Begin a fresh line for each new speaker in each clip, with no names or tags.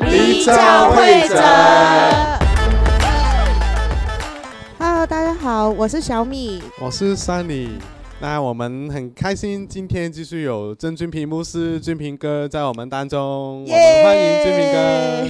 離教會者
，Hello，大家好，我是小米，
我是 Sunny，那我們很開心，今天繼續有鄭君平牧師，君平哥在我們當中，yeah、我們歡迎君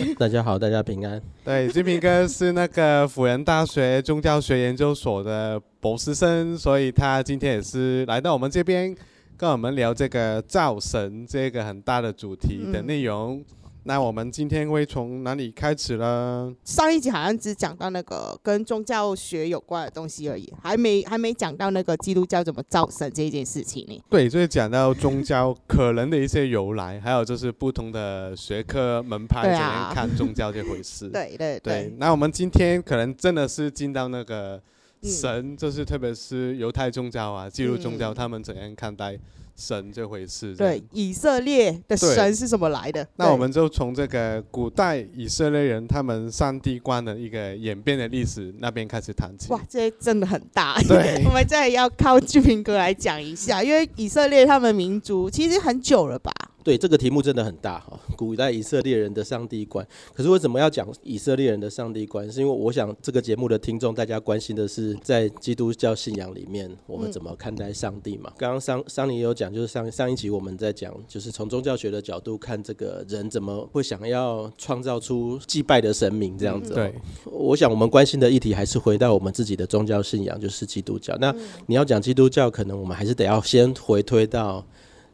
平哥。
大家好，大家平安。
對，君平哥是那個輔仁大學宗教學研究所的博士生，所以他今天也是來到我們這邊。跟我們聊這個造神這個很大的主題的內容，嗯，那我們今天會從哪裡開始呢？
上一集好像只講到那個跟宗教學有關的東西而已，還沒還沒講到那個基督教怎麼造神這件事情呢。
對，就是講到宗教可能的一些由來， 還有就是不同的學科門派來看宗教這回事。對啊， 對對，對，對。那我們今天可能真的是進到那個。嗯、神就是，特別是猶太宗教啊，基督宗教、嗯，他們怎樣看待神這回事這？對，以
色列的神是怎麼來的？那我
們就從這個古代以色列人他們上帝觀的一個演變的歷史那邊開始談起。哇，
這真的很大。對， 我們這裡要靠君平哥來講一下，因為以色列他們民族其實很久了吧？
對，這個題目
真的很大哈，古代以色列人的上帝觀。可是為什麼要講以色列人的上帝觀？是因為我想這個節目的聽眾大家關心的是在基督教信仰裡面我們怎麼看待上帝嘛？嗯、剛剛辛、辛尼有講，就是上上一集我們在講，就是從宗教學的角度看這個人怎麼會想要創造出祭拜的神明這樣子、哦嗯。對，我想我們關心的議題還是回到我們自己的宗教信仰，就是基督教。那、嗯、你要講基督教，可能我們還是得要先回推到。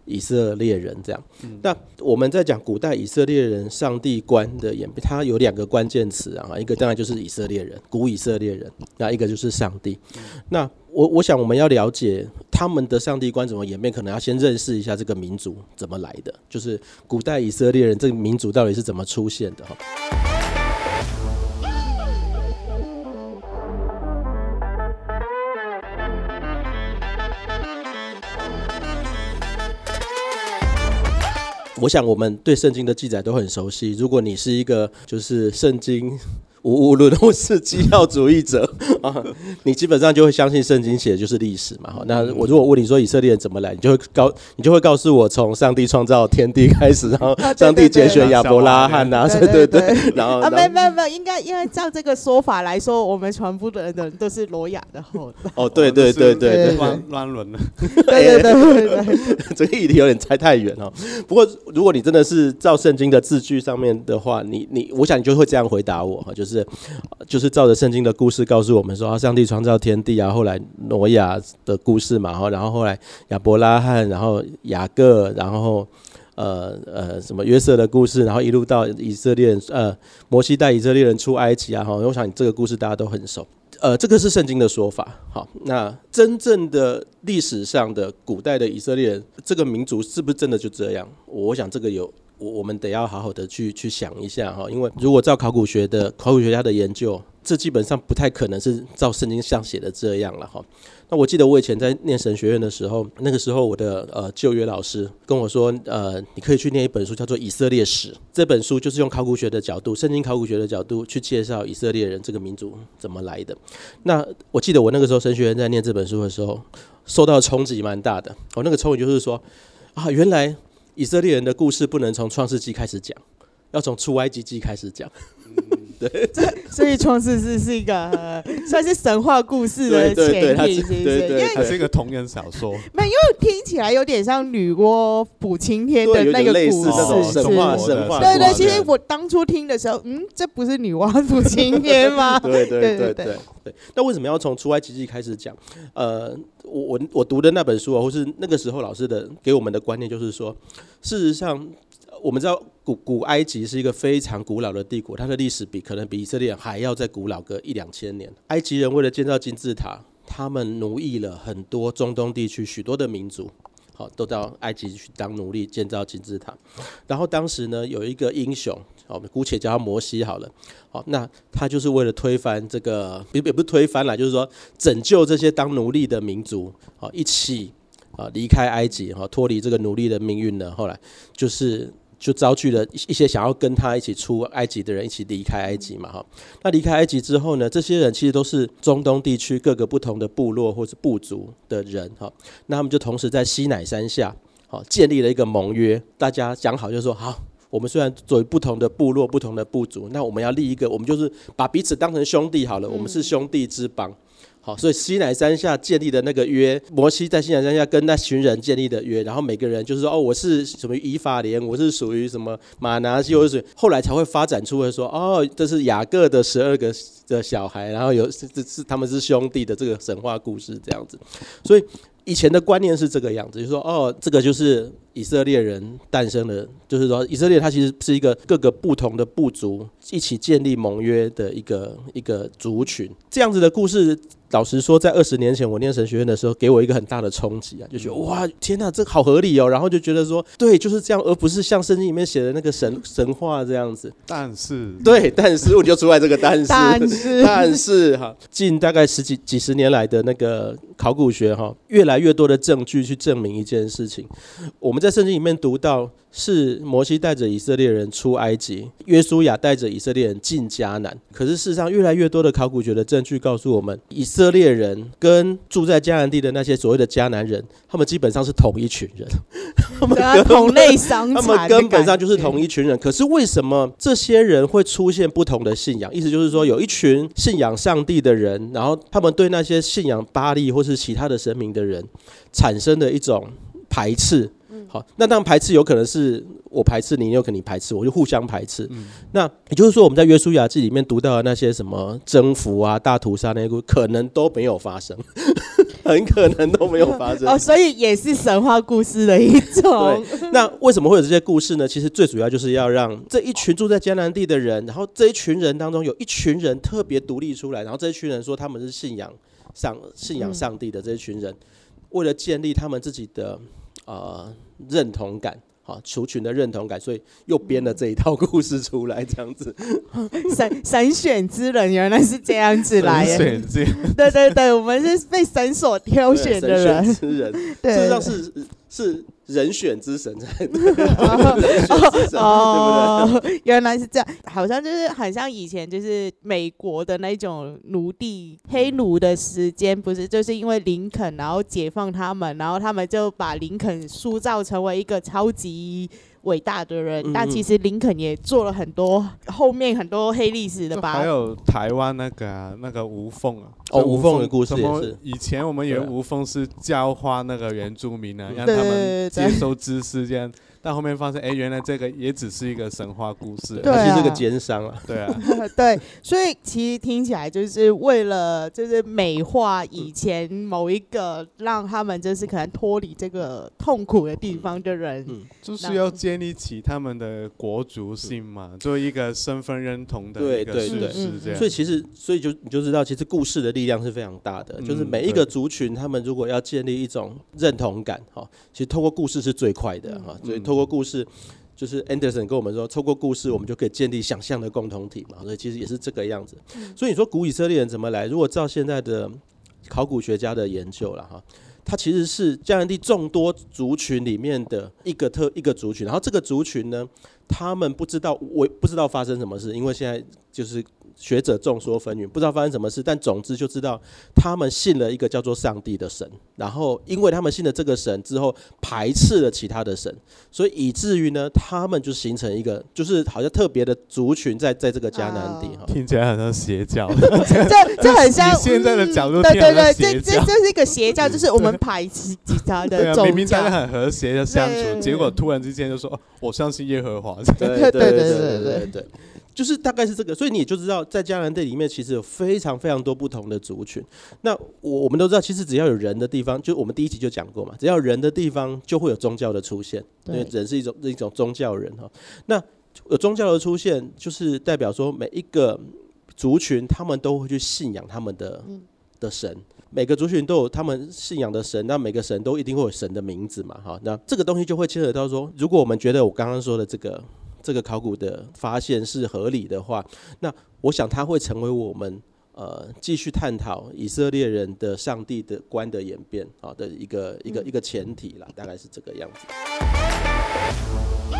以色列人這樣，嗯、那我們在講古代以色列人上帝觀的演變，它有兩個關鍵詞啊，一個當然就是以色列人，古以色列人，那一個就是上帝。嗯、那我我想我們要了解他們的上帝觀怎麼演變，可能要先認識一下這個民族怎麼來的，就是古代以色列人這個民族到底是怎麼出現的哈。我想，我們對聖經的記載都很熟悉。如果你是一個就是聖經。無論我是基要主義者啊，你基本上就會相信聖經寫的就是歷史嘛。那我如果問你說，以色列人怎麼來？你就會告你就會告訴我從上帝創造天地開始，然後上帝揀選亞伯拉罕啊，啊，對對對，然後，對對對對對對，然後啊，沒有
沒有沒有，應該應該照這個說法來說，我們全部的人都是羅亞的
後代。哦，對對對對，亂亂倫了。對對
對對，
這個議題有點猜太遠了。不過如果你真的是照聖經的字句上面的話，你你我想你就會這樣回答我哈，就是。是，就是照着聖經的故事告訴我們說，啊，上帝創造天地啊，後來挪亞的故事嘛，然後後來亞伯拉罕，然後雅各，然後呃呃什麼約瑟的故事，然後一路到以色列人，呃，摩西帶以色列人出埃及啊，哈，我想這個故事大家都很熟，呃，這個是聖經的說法。好，那真正的歷史上的古代的以色列人，這個民族是不是真的就這樣？我想這個有。我我們得要好好的去去想一下哈，因為如果照考古學的考古學家的研究，這基本上不太可能是照聖經上寫的這樣了哈。那我記得我以前在念神學院的時候，那個時候我的呃舊約老師跟我說，呃，你可以去念一本書叫做《以色列史》，這本書就是用考古學的角度、聖經考古學的角度去介紹以色列人這個民族怎麼來的。那我記得我那個時候神學院在念這本書的時候，受到衝擊蠻大的。哦，那個衝擊就是說，啊，原來。以色列人的故事不能從創世紀開始講，要從出埃及記開始講。
所以創世是是一個、呃、 算是神話故事的前例，是不是？對對對，是，
對對對，因為它是一個同人小說，
沒有，因為聽起來有點像女媧補青天的那個故事，神
話神話。神話神話，對，對對，其實
我當初聽的時候，嗯，這不是女媧補青天嗎？對對，對對
對對。對，那為什麼要從《出埃及記》開始講？呃，我我我讀的那本書啊，或是那個時候老師的給我們的觀念，就是說，事實上。我們知道古古埃及是一個非常古老的帝國，它的歷史比可能比以色列還要再古老個一兩千年。埃及人為了建造金字塔，他們奴役了很多中東地區許多的民族，好都到埃及去當奴隸建造金字塔。然後當時呢，有一個英雄，我們姑且叫他摩西好了。好，那他就是為了推翻這個，也也不是推翻了，就是說拯救這些當奴隸的民族，好，一起啊離開埃及，哈，脫離這個奴隸的命運呢。後來就是。就招聚了一些想要跟他一起出埃及的人，一起離開埃及嘛哈、嗯。那離開埃及之後呢？這些人其實都是中東地區各個不同的部落或是部族的人哈。那他們就同時在西乃山下，好建立了一個盟約，大家講好就是說，好，我們雖然作為不同的部落、不同的部族，那我們要立一個，我們就是把彼此當成兄弟好了，嗯、我們是兄弟之邦。好，所以西奈山下建立的那個約，摩西在西奈山下跟那群人建立的約，然後每個人就是說，哦，我是什麼以法蓮，我是屬於什麼馬拿西我是屬於，後來才會發展出來說，哦，這是雅各的十二個的小孩，然後有是是他們是兄弟的這個神話故事這樣子。所以以前的觀念是這個樣子，就是說，哦，這個就是以色列人誕生的，就是說以色列它其實是一個各個不同的部族一起建立盟約的一個一個族群，這樣子的故事。老實說，在二十年前我念神學院的時候，給我一個很大的衝擊啊，就覺得哇，天哪，這好合理哦，然後就覺得說，對，就是這樣，而不是像聖經裡面寫的那個神神話這樣子。但是，對，但是我就出來這個但是，但是哈，近大概十幾幾十年來的那個考古學哈，越來越多的證據去證明一件事情，我們在聖經裡面讀到。是摩西帶着以色列人出埃及，約書亞帶着以色列人進迦南。可是，事實上，越來越多的考古學的證據告訴我們，以色列人跟住在迦南地的那些所謂的迦南人，他們基本上是同一群人。 同類相殘、他們根本上就是同一群人。可是，為什麼這些人會出現不同的信仰？意思就是說，有一群信仰上帝的人，然後他們對那些信仰巴力或是其他的神明的人，產生的一種排斥。好，那當排斥有可能是我排斥你，有可能你排斥我，就互相排斥。嗯、那也就是說，我們在《約書亞記》裡面讀到的那些什麼征服啊、大屠殺那些故事，可能都沒有發生， 很可能都沒有發生 哦。所
以也是神話故事的一種。 對。
那為什麼會有這些故事呢？其實最主要就是要讓這一群住在迦南地的人，然後這一群人當中有一群人特別獨立出來，然後這一群人說他們是信仰上信仰上帝的這一群人，嗯、為了建立他們自己的呃。認同感，哈，族群的認同感，所以又編了這一套故事出來，這樣子，嗯。
神 神選之人原來是這樣子來的，神選之人，對對對，我們是被神所挑選的人，是
是。對對對是是人選之神，人選之神，對不對？原來是
這樣，好像就是很像以前，就是美國的那種奴隸黑奴的時間，不是就是因為林肯，然後解放他們，然後他們就把林肯塑造成為一個超級。偉大的人，嗯嗯，但其實林肯也做了很多後面很多黑歷史的吧。還有
台灣那個、啊、那個吳鳳啊，哦，吳鳳的故事也是。以前我們以為吳鳳是教化那個原住民呢、啊，對對對，讓他們接收知識這樣。對對對這樣但後面發現，哎、欸，原來這個也只是一個神話故事，還是個奸商了，對啊，
啊對，啊 對，所以其實聽起來就是為了就是美化以前某一個讓他們就是可能脫離這個痛苦的地方的人，嗯嗯，就是要
建立起他們的國族性嘛，做一個身份認同的一個事實，這樣對對對，嗯對。所以其
實，所以就你就知道，其實故事的力量是非常大的，嗯，就是每一個族群，他們如果要建立一種認同感，哈，其實透過故事是最快的，哈，嗯，所以透過故事，就是 Anderson 跟我們說，透過故事，我們就可以建立想象的共同體嘛。所以其實也是這個樣子。所以你說古以色列人怎麼來？如果照現在的考古學家的研究了哈，他其實是迦南地眾多族群裡面的一個特一個族群。然後這個族群呢，他們不知道，我不知道發生什麼事，因為現在。就是學者眾說紛紜，不知道發生什麼事，但總之就知道他們信了一個叫做上帝的神，然後因為他們信了這個神之後，排斥了其他的神，所以以至於呢，他們就形成一個，就是好像特別的族群在，在在這個迦南地哈、
oh. 聽起來好像邪教， 這這很像現在的角度，對對對，這這這，這
是一個邪教，就是我們排
斥其他的種，啊，明明大家
很和諧的相處，結果突然之間就說我相信耶和華，對對對對對對，對。
就是大概是這個，所以你也就知道，在迦南地裡面其實有非常非常多不同的族群。那我我們都知道，其實只要有人的地方，就我們第一集就講過嘛，只要人的地方就會有宗教的出現。對，人是一種一種宗教人哈。那有宗教的出現，就是代表說每一個族群，他們都會去信仰他們的、嗯、的神。每個族群都有他們信仰的神，那每個神都一定會有神的名字嘛，哈。那這個東西就會牽扯到說，如果我們覺得我剛剛說的這個。這個考古的發現是合理的話，那我想它會成為我們呃繼續探討以色列人的上帝的觀的演變啊的一個一個、嗯、一個前提啦，大概是這個樣子、嗯。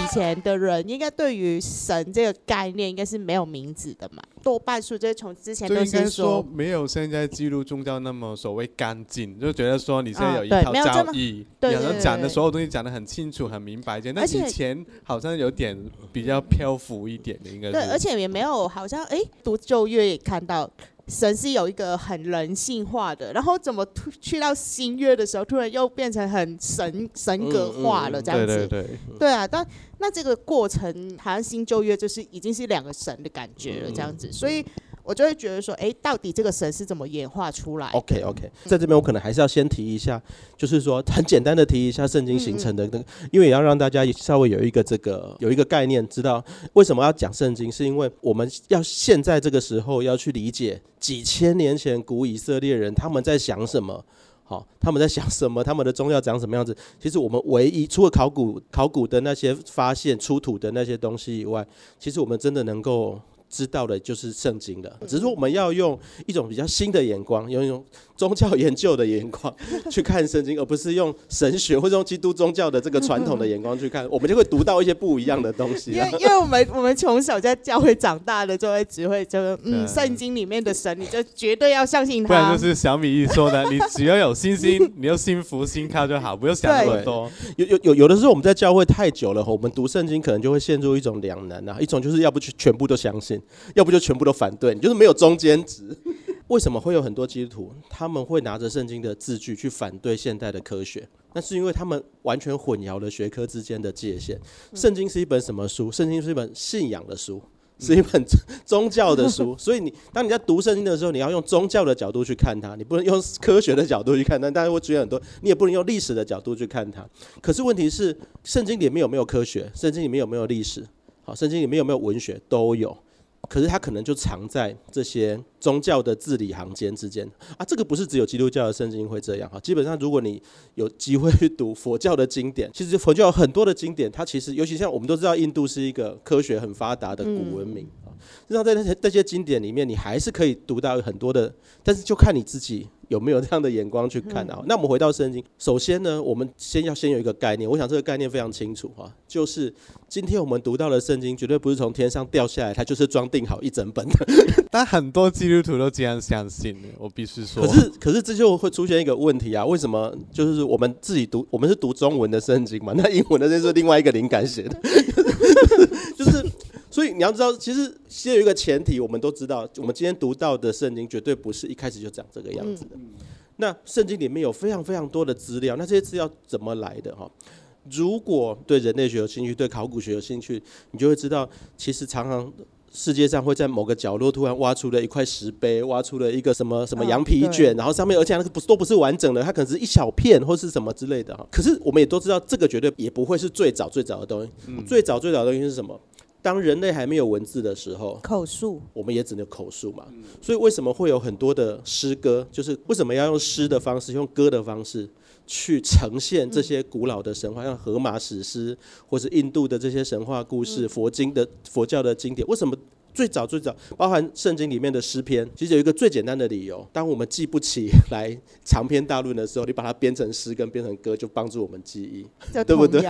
以前的人應該對於神這個概念應該是沒有名字的嘛？多半數就是從之前，所以應該說
沒有現在記錄宗教那麼所謂乾淨，就覺得說你現在有一套交易。哦、對，有這講的所有東西講得很清楚、很明白。就那以前好像有點比較漂浮一點的，應該對，而且
也沒有好像哎，讀舊約也看到神是有一個很人性化的，然後怎麼去到新約的時候，突然又變成很神神格化了這樣子、嗯嗯，對對對，對啊，但那這個過程好像新舊約就是已經是兩個神的感覺了、嗯、這樣子。所以，我就會覺得說，哎，到底這個神是怎麼演化出來
的？OK OK，在這邊我可能還是要先提一下，嗯、就是說很簡單的提一下聖經形成的那個、嗯嗯，因為也要讓大家稍微有一個這個有一個概念，知道為什麼要講聖經，是因為我們要現在這個時候要去理解幾千年前古以色列人他們在想什麼，好、哦，他們在想什麼，他們的宗教長什麼樣子。其實我們唯一除了考古考古的那些發現、出土的那些東西以外，其實我們真的能夠。知道的就是聖經的，只是我們要用一種比較新的眼光，用一種宗教研究的眼光去看聖經， 而不是用神學或者用基督宗教的這個傳統的眼光去看， 我們就會讀到一些不一樣的東西。 因為，因
為我們我們從小在教會長大的，就會只會覺得，嗯，聖經裡面的神，你就絕對要相信他。不然就是
小米一說的， 你只要有信心，心， 你就信服信靠就好，不用想那麼多。
有有有的時候，我們在教會太久了，我們讀聖經可能就會陷入一種兩難啊。一種就是要不去全部都相信，要不就全部都反對，你就是沒有中間值。 為什麼會有很多基督徒，他們會拿着聖經的字句去反對現代的科學？那是因為他們完全混淆了學科之間的界限。聖、嗯、經是一本什麼書？聖經是一本信仰的書，是一本、嗯、宗教的書。所以你當你在讀聖經的時候，你要用宗教的角度去看它，你不能用科學的角度去看它。大家會注意很多，你也不能用歷史的角度去看它。可是問題是，聖經裡面有沒有科學？聖經裡面有沒有歷史？好，聖經裡面有沒有文學？都有。可是他可能就藏在這些宗教的字裡行間之間啊，這個不是只有基督教的聖經會這樣哈。基本上，如果你有機會去讀佛教的經典，其實佛教有很多的經典，它其實尤其像我們都知道，印度是一個科學很發達的古文明啊，實際上在那些那些經典裡面，你還是可以讀到很多的，但是就看你自己。有沒有這樣的眼光去看啊、嗯、那我們回到聖經，首先呢，我們先要先有一個概念，我想這個概念非常清楚哈、啊，就是今天我們讀到的聖經絕對不是從天上掉下來，它就是裝訂好一整本的。
但很多基督徒都
這樣相信，我必須說。可是，可是這就會出現一個問題啊，為什麼？就是我們自己讀，我們是讀中文的聖經嘛？那英文的那是，是另外一個靈感寫的。 所以你要知道，其實先有一個前提，我們都知道，我們今天讀到的聖經絕對不是一開始就長這個樣子的。嗯、那聖經裡面有非常非常多的資料，那這些資料怎麼來的？哈，如果對人類學有興趣，對考古學有興趣，你就會知道，其實常常世界上會在某個角落突然挖出了一塊石碑，挖出了一個什麼什麼羊皮卷，啊、然後上面而且那個不都不是完整的，它可能是一小片或是什麼之類的哈。可是我們也都知道，這個絕對也不會是最早最早的東西。嗯、最早最早的東西是什麼？當人類還沒有文字的時候，口述，我們也只能口述嘛。所以為什麼會有很多的詩歌？就是為什麼要用詩的方式，用歌的方式去呈現這些古老的神話，像荷馬史詩，或是印度的這些神話故事、佛經的佛教的經典？為什麼？最早最早，包含聖經裡面的詩篇，其實有一個最簡單的理由：當我們記不起來長篇大論的時候，你把它編成詩，跟編成歌，就幫助我們記憶，對不對？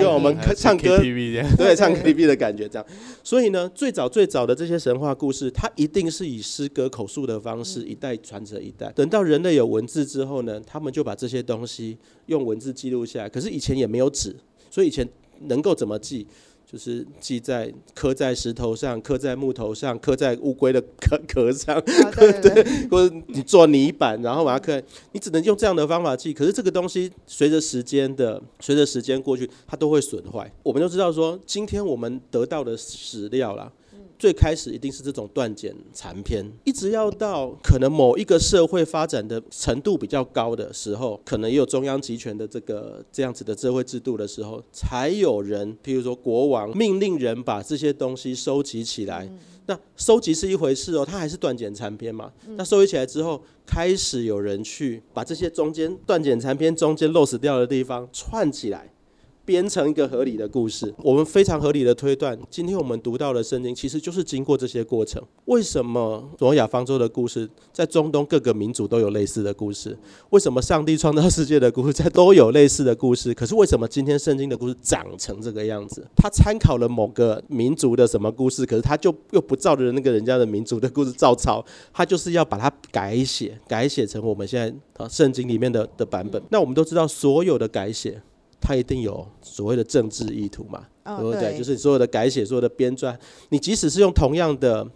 用我們唱歌，KTV 這樣對,對,對,對,對，唱 KTV 的感覺這樣。所以呢，最早最早的這些神話故事，它一定是以詩歌口述的方式、嗯、一代傳承一代。等到人類有文字之後呢，他們就把這些東西用文字記錄下來。可是以前也沒有紙，所以以前能夠怎麼記？就是記在，刻在石頭上，刻在木頭上，刻在烏龜的殼殼上，啊、對， 對，或者你做泥板，然後把它刻，你只能用這樣的方法記。可是這個東西，隨着時間的，隨着時間過去，它都會損壞。我們都知道說，今天我們得到的史料啦。最開始一定是這種斷簡殘篇，一直要到可能某一個社會發展的程度比較高的時候，可能也有中央集權的這個這樣子的社會制度的時候，才有人，譬如說國王命令人把這些東西收集起來。嗯、那收集是一回事哦，它還是斷簡殘篇嘛、嗯。那收集起來之後，開始有人去把這些中間斷簡殘篇中間漏失掉的地方串起來。編成一個合理的故事，我們非常合理的推斷，今天我們讀到的聖經其實就是經過這些過程。為什麼挪亞方舟的故事在中東各個民族都有類似的故事？為什麼上帝創造世界的故事在都有類似的故事？可是為什麼今天聖經的故事長成這個樣子？他參考了某個民族的什麼故事，可是他就又不照着那個人家的民族的故事照抄，他就是要把它改寫，改寫成我們現在啊聖經裡面的的版本。那我們都知道，所有的改寫。他一定有所謂的政治意圖嘛，oh, 對不對？對。就是所有的改寫、所有的編撰，你即使是用同樣的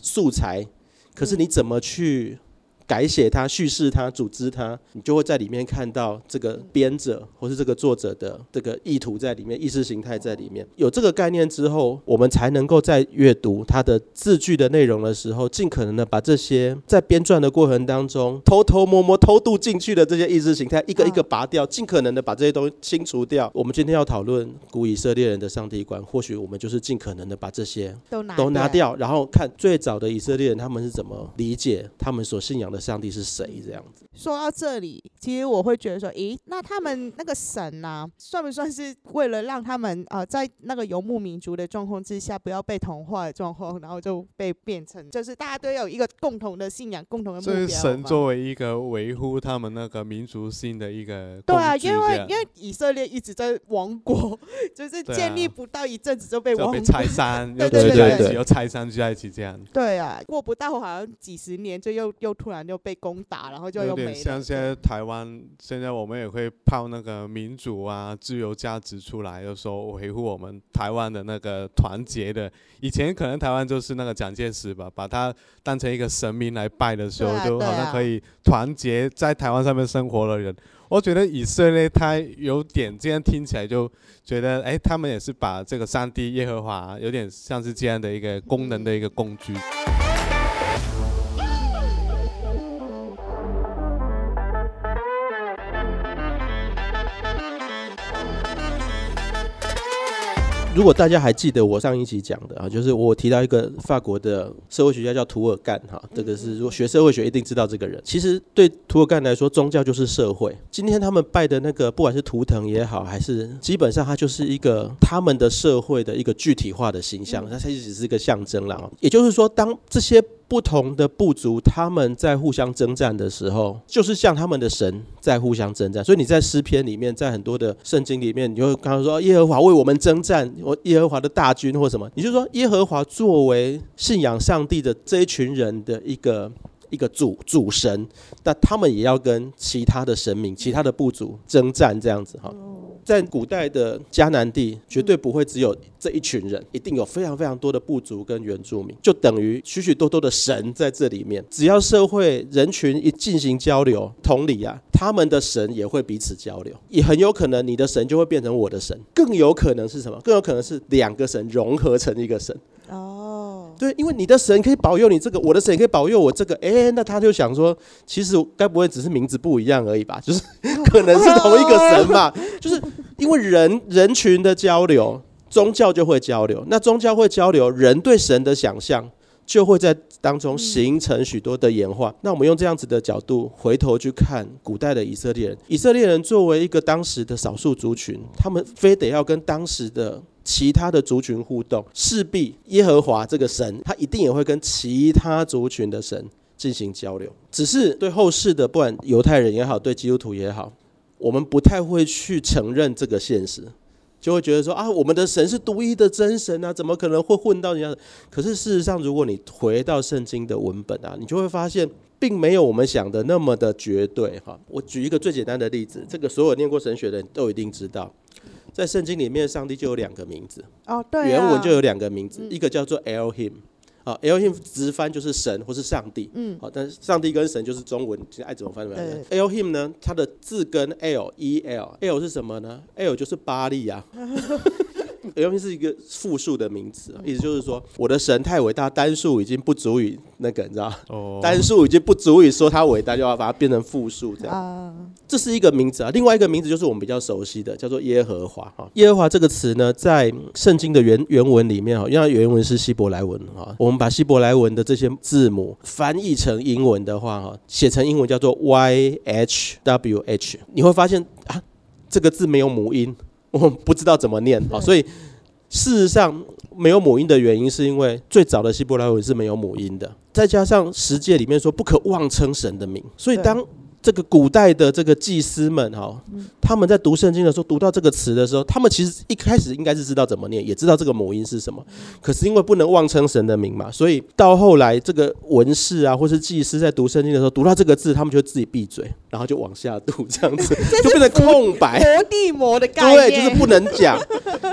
素材，可是你怎麼去，嗯改寫它、敘事它、組織它，你就會在裡面看到這個編者或是這個作者的這個意圖在裡面、意識形態在裡面。有這個概念之後，我們才能夠在閱讀它的字句的內容的時候，盡可能的把這些在編撰的過程當中偷偷摸摸偷渡進去的這些意識形態一個一個拔掉，盡可能的把這些東西清除掉。我們今天要討論古以色列人的上帝觀，或許我們就是盡可能的把這些都拿掉，然後看最早的以色列人他們是怎麼理解他們所信仰的。上帝是誰？這樣
子。說到這裡，其實我會覺得說，咦，那他們那個神呢、啊，算不算是為了讓他們啊、呃，在那個遊牧民族的狀況之下，不要被同化的狀況，然後就被變成，就是大家都要有一個共同的信仰、共同的目標。就是、神
作為一個維護他們那個民族性的一個，對啊，因為因
為以色列一直在亡國，就是建立不到一陣子就被亡國，啊、被拆
散， 對對對，又拆散就在一起這樣，
對啊，過不到好像幾十年就又又突然。又被攻打，然後就又被。像
現在台灣。現在我們也會拋那個民主啊、自由價值出來，又說維護我們台灣的那個團結的。以前可能台灣就是那個蔣介石吧，把他當成一個神明來拜的時候，啊啊、就好像可以團結在台灣上面生活的人。我覺得以色列他有點這樣聽起來就覺得，哎，他們也是把這個上帝耶和華、啊、有點像是這樣的一個功能的一個工具。嗯
如果大家還記得我上一期講的啊，就是我提到一個法國的社會學家叫涂爾幹哈，這個是如果學社會學一定知道這個人。其實對涂爾幹來說，宗教就是社會。今天他們拜的那個，不管是圖騰也好，還是基本上它就是一個他們的社會的一個具體化的形象，它其實只是一個象徵啦。也就是說，當這些不同的部族他們在互相征戰的時候，就是像他們的神在互相征戰。所以你在詩篇裡面，在很多的聖經裡面，你會看到說耶和華為我們征戰，我耶和華的大軍或什麼，你就說耶和華作為信仰上帝的這一群人的一個。一個主主神，但他們也要跟其他的神明、其他的部族征戰這樣子哈。在古代的迦南地，絕對不會只有這一群人，一定有非常非常多的部族跟原住民，就等於許許多多的神在這裡面。只要社會人群一進行交流，同理啊，他們的神也會彼此交流，也很有可能你的神就會變成我的神，更有可能是什麼？更有可能是兩個神融合成一個神。對，因為你的神可以保佑你這個，我的神可以保佑我這個。哎，那他就想說，其實該不會只是名字不一樣而已吧？就是可能是同一個神嘛？ 就是因為人人群的交流，宗教就會交流。那宗教會交流，人對神的想象就會在當中形成許多的演化。嗯。那我們用這樣子的角度回頭去看古代的以色列人，以色列人作為一個當時的少數族群，他們非得要跟當時的。其他的族群互動，勢必耶和華這個神，他一定也會跟其他族群的神進行交流。只是對後世的，不管猶太人也好，對基督徒也好，我們不太會去承認這個現實，就會覺得說啊，我們的神是獨一的真神啊，怎麼可能會混到人家？可是事實上，如果你回到聖經的文本啊，你就會發現，並沒有我們想的那麼的絕對。哈，我舉一個最簡單的例子，這個所有念過神學的人都一定知道。在聖經裡面，上帝就有兩個名字、哦啊、原文就有兩個名字、嗯，一個叫做 Elohim，e、哦、Elohim 直翻就是神或是上帝，好、嗯哦，但是上帝跟神就是中文，現在愛怎麼翻怎麼翻。Elohim 呢，它的字跟 El E L，El 是什麼呢？El 就是巴利啊。嗯 尤其是一個複數的名詞啊，意思就是說，我的神太偉大，單數已經不足以那個，你知道嗎？Oh. 單數已經不足以說他偉大，就要把它變成複數這樣。Uh. 這是一個名字啊，另外一個名字就是我們比較熟悉的，叫做耶和華。哈，耶和華這個詞呢，在聖經的原原文裡面哦，因為原文是希伯來文，我們把希伯來文的這些字母翻譯成英文的話，哈，寫成英文叫做 Y H W H，你會發現啊，這個字沒有母音。我不知道怎麼念啊，所以事實上沒有母音的原因，是因為最早的希伯來文是沒有母音的，再加上十誡裡面說不可妄稱神的名，所以當。這個古代的這個祭司們哈、哦嗯，他們在讀聖經的時候，讀到這個詞的時候，他們其實一開始應該是知道怎麼念，也知道這個母音是什麼。可是因為不能妄稱神的名嘛，所以到後來這個文士啊，或是祭司在讀聖經的時候，讀到這個字，他們就自己閉嘴，然後就往下讀，這樣子這就變成空白。佛
地魔的概念，對，就是不能講。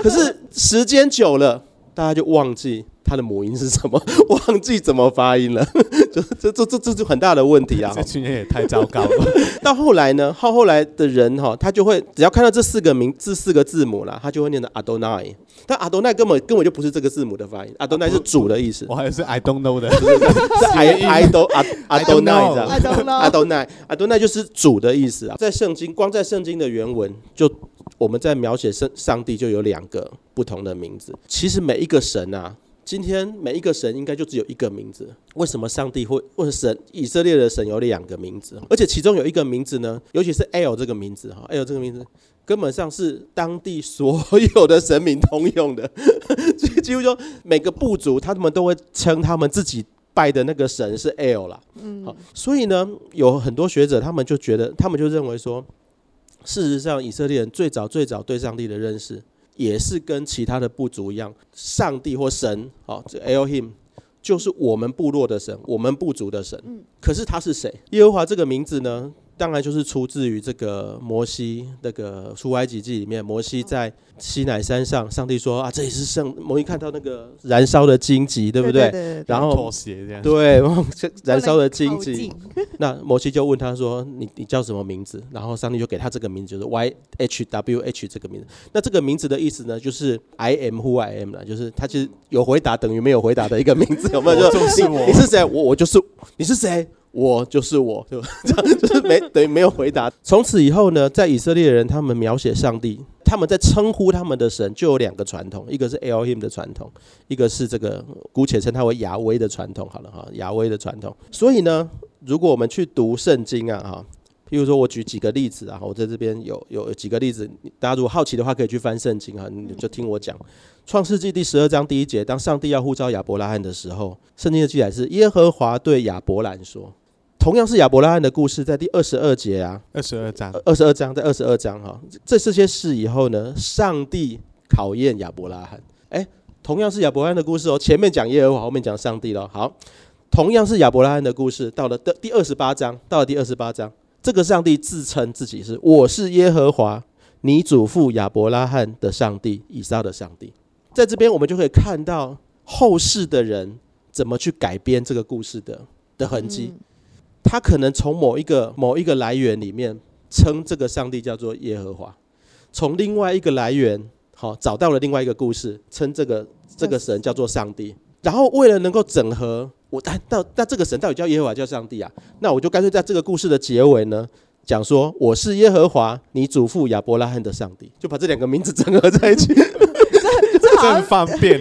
可是時間久了。大家就忘記他的母音是什麼，忘記怎麼發音了，這這這這這是很大的問題啊！這去年也太糟糕了。 到後來呢，後後來的人哈、哦，他就會只要看到這四個名這四個字母了，他就會念的阿多奈。但阿多奈根本根本就不是這個字母的發音，阿多奈是主的意思。
我,我還是,是 I don't know 的， 是 I I don't 阿多奈這樣，阿多
奈阿多奈就是主的意思啊，在聖經光在聖經的原文就。我們在描寫上帝就有兩個不同的名字。其實每一個神啊，今天每一個神應該就只有一個名字。為什麼上帝會問神以色列的神有兩個名字？而且其中有一個名字呢，尤其是 L 這個名字哈，L 這個名字根本上是當地所有的神明通用的，所以幾乎就每個部族他們都會稱他們自己拜的那個神是 L 啦。嗯。好，所以呢，有很多學者他們就覺得，他們就認為說。事實上，以色列人最早最早對上帝的認識，也是跟其他的部族一樣，上帝或神，哦，這 Elohim 就是我們部落的神，我們部族的神。可是他是誰？耶和華這個名字呢？當然就是出自於這個摩西那個出埃及記裡面，摩西在西奈山上，上帝說啊，這裡是聖。摩西看到那個燃燒的荊棘，對不對？對對對然後妥協這樣。對，燃燒的荊棘。那摩西就問他說：“你你叫什麼名字？”然後上帝就給他這個名字，就是 Y H W H 這個名字。那這個名字的意思呢，就是 I am who I am 就是他其實有回答等於沒有回答的一個名字，有沒有？就是、你,你是誰？我我就是你是誰？我就是我，就這樣，就是沒等於沒有回答。從此以後呢，在以色列人，他們描寫上帝，他們在稱呼他們的神就有兩個傳統，一個是 Elohim 的傳統，一個是這個姑且稱它為雅威的傳統。好了哈，雅威的傳統。所以呢，如果我們去讀聖經啊，哈。譬如說，我舉幾個例子啊。我在這邊有有，有幾個例子，大家如果好奇的話，可以去翻聖經啊。你就聽我講，《創世紀》第十二章第一節，當上帝要呼召亞伯拉罕的時候，聖經的記載是耶和華對亞伯蘭說。同樣是亞伯拉罕的故事，在第二十二節啊，二十二章，二十二章，在二十二章哈，啊。這這些事以後呢，上帝考驗亞伯拉罕。哎，同樣是亞伯拉罕的故事哦。前面講耶和華，後面講上帝了。好，同樣是亞伯拉罕的故事，到了第二十八章，到了第二十八章。這個上帝自稱自己是“我是耶和華，你祖父亞伯拉罕的上帝，以撒的上帝”。在這邊，我們就可以看到後世的人怎麼去改編這個故事的的痕迹。他可能從某一個某一個來源裡面稱這個上帝叫做耶和華，從另外一個來源好、哦、找到了另外一個故事，稱這個這個神叫做上帝。然後為了能夠整合。我但到但這個神到底叫耶和華叫上帝啊？那我就乾脆在這個故事的結尾呢，講說，我是耶和華，你祖父亞伯拉罕的上帝，就把這兩個名字整合在一起， 這，這，這很方便。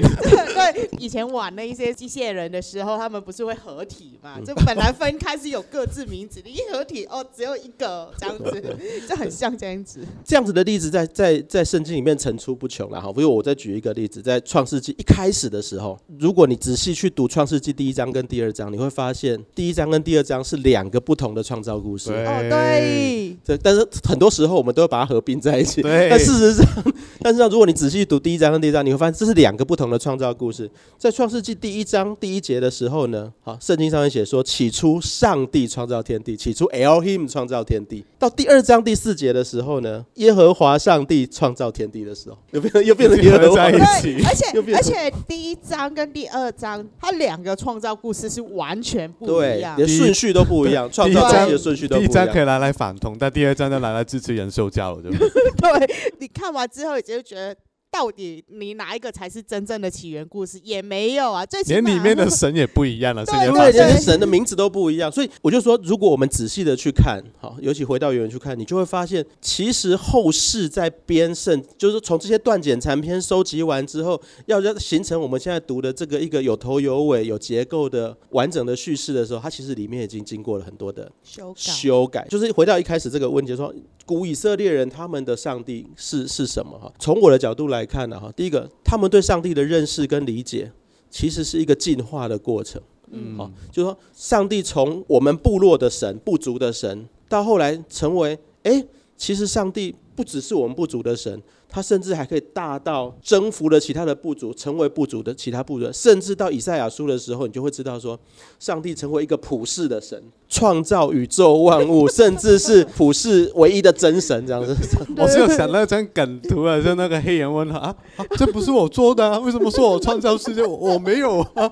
以前玩那一些機械人的時候，他們不是會合體嘛？就本來分開是有各自名字，你一合體哦，只有一個這樣子，就很像這樣子。
這樣子的例子在在在聖經裡面層出不窮了哈。好，比如我再舉一個例子，在創世紀一開始的時候，如果你仔細去讀創世紀第一章跟第二章，你會發現第一章跟第二章是兩個不同的創造故事。哦，對。對，但是很多時候我們都會把它合併在一起。對。但事實上，但是如果你仔細讀第一章跟第二章第一章，你會發現這是兩個不同的創造故事。在創世紀第一章第一節的時候呢，啊，聖經上面寫說，起初上帝創造天地，起初 Elohim 創造天地。到第二章第四節的時候呢，耶和華上帝創造天地的時候，又變又變成耶和華。對，而且而且
第一章跟第二章，它兩個創造故事是完全不一樣
的，連順序都不一樣。創造故事的順序都不一樣。第一章可以拿來來反同，但第二章就拿來來支持人獸交了，對不
對？對，你看完之後，你就覺得。到底你哪一個才是真正的起源故事？也沒有啊，啊連裡面的
神也不一樣了，這 不對，對？連神的名字都不一樣，所以我就說，如果我們仔細的去看，好，尤其回到原文去看，你就會發現，其實後世在編撰，就是從這些斷簡殘篇收集完之後，要形成我們現在讀的這個一個有頭有尾、有結構的完整的敘事的時候，它其實裡面已經經過了很多的修改，修改。就是回到一開始這個問題說，說古以色列人他們的上帝是是什麼？哈，從我的角度來。看的、啊、哈，第一個，他們對上帝的認識跟理解，其實是一個進化的過程。嗯，好，就說上帝從我們部落的神、部族的神，到後來成為，誒、欸，其實上帝不只是我們部族的神。他甚至還可以大到征服了其他的部族，成為部族的其他部族，甚至到以賽亞書的時候，你就會知道說，上帝成為一個普世的神，創造宇宙萬物，甚至是普世唯一的真神， 這樣子。就是、樣對對對，我就想
那張梗圖啊，就那個黑人問啊，啊，這不是我做的啊，為什麼說我創造世界？我沒有
啊，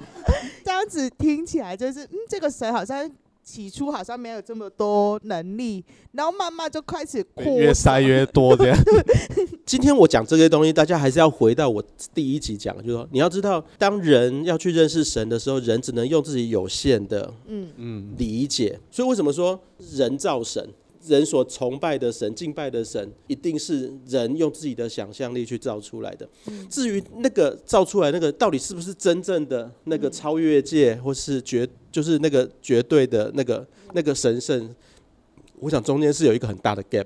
這樣子聽起來就是，嗯，這個神好像。起初好像沒有這麼多能力，然後慢慢就開始越
塞越多這樣。
今天我講這些東西，大家還是要回到我第一集講，就是說你要知道，當人要去認識神的時候，人只能用自己有限的嗯嗯理解。所以為什麼說人造神？人所崇拜的神，敬拜的神，一定是人用自己的想象力去造出來的。至於那個造出來的那個，到底是不是真正的那個超越界，或是絕，就是那個絕對的那個那個神聖？我想中間是有一個很大的 gap。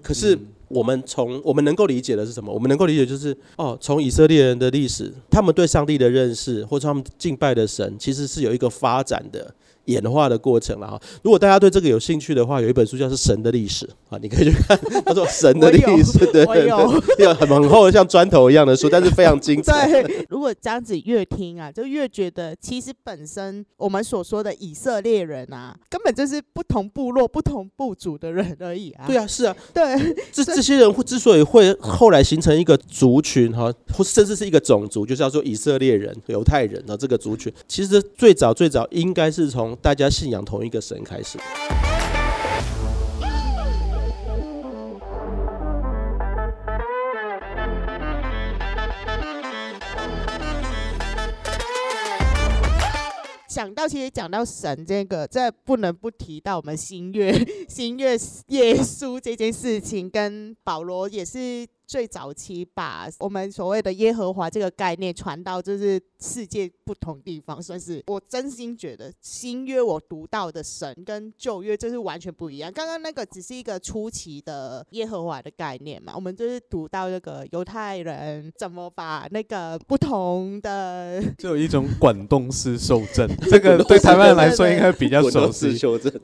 可是我們從我們能夠理解的是什麼？我們能夠理解就是哦，從以色列人的歷史，他們對上帝的認識，或是他們敬拜的神，其實是有一個發展的。演化的過程了。如果大家對這個有興趣的話，有一本書叫做《神的歷史》。啊，你可以去看，他說神的歷史，對 對對，有很很厚的 像磚頭一樣的書，但是非常精彩。對，
如果這樣子越聽啊，就越覺得其實本身我們所說的以色列人啊，根本就是不同部落、不同部族的人而已啊。對啊，是啊，對，
這這些人會之所以會後來形成一個族群哈、啊，或甚至是一個種族，就是要說以色列人、猶太人的、啊、這個族群，其實最早最早應該是從大家信仰同一個神開始。
想到，其實講到神這個，這不能不提到我們新約、新約耶穌這件事情，跟保羅也是。最早期把我們所謂的耶和華這個概念傳到就是世界不同地方，算是我真心覺得新約我讀到的神跟舊約就是完全不一樣。剛剛那個只是一個初期的耶和華的概念嘛，我們就是讀到這個猶太人怎麼把那個不同的，
就有一種廣東式修正， 這個對台灣人來說應該比較熟悉。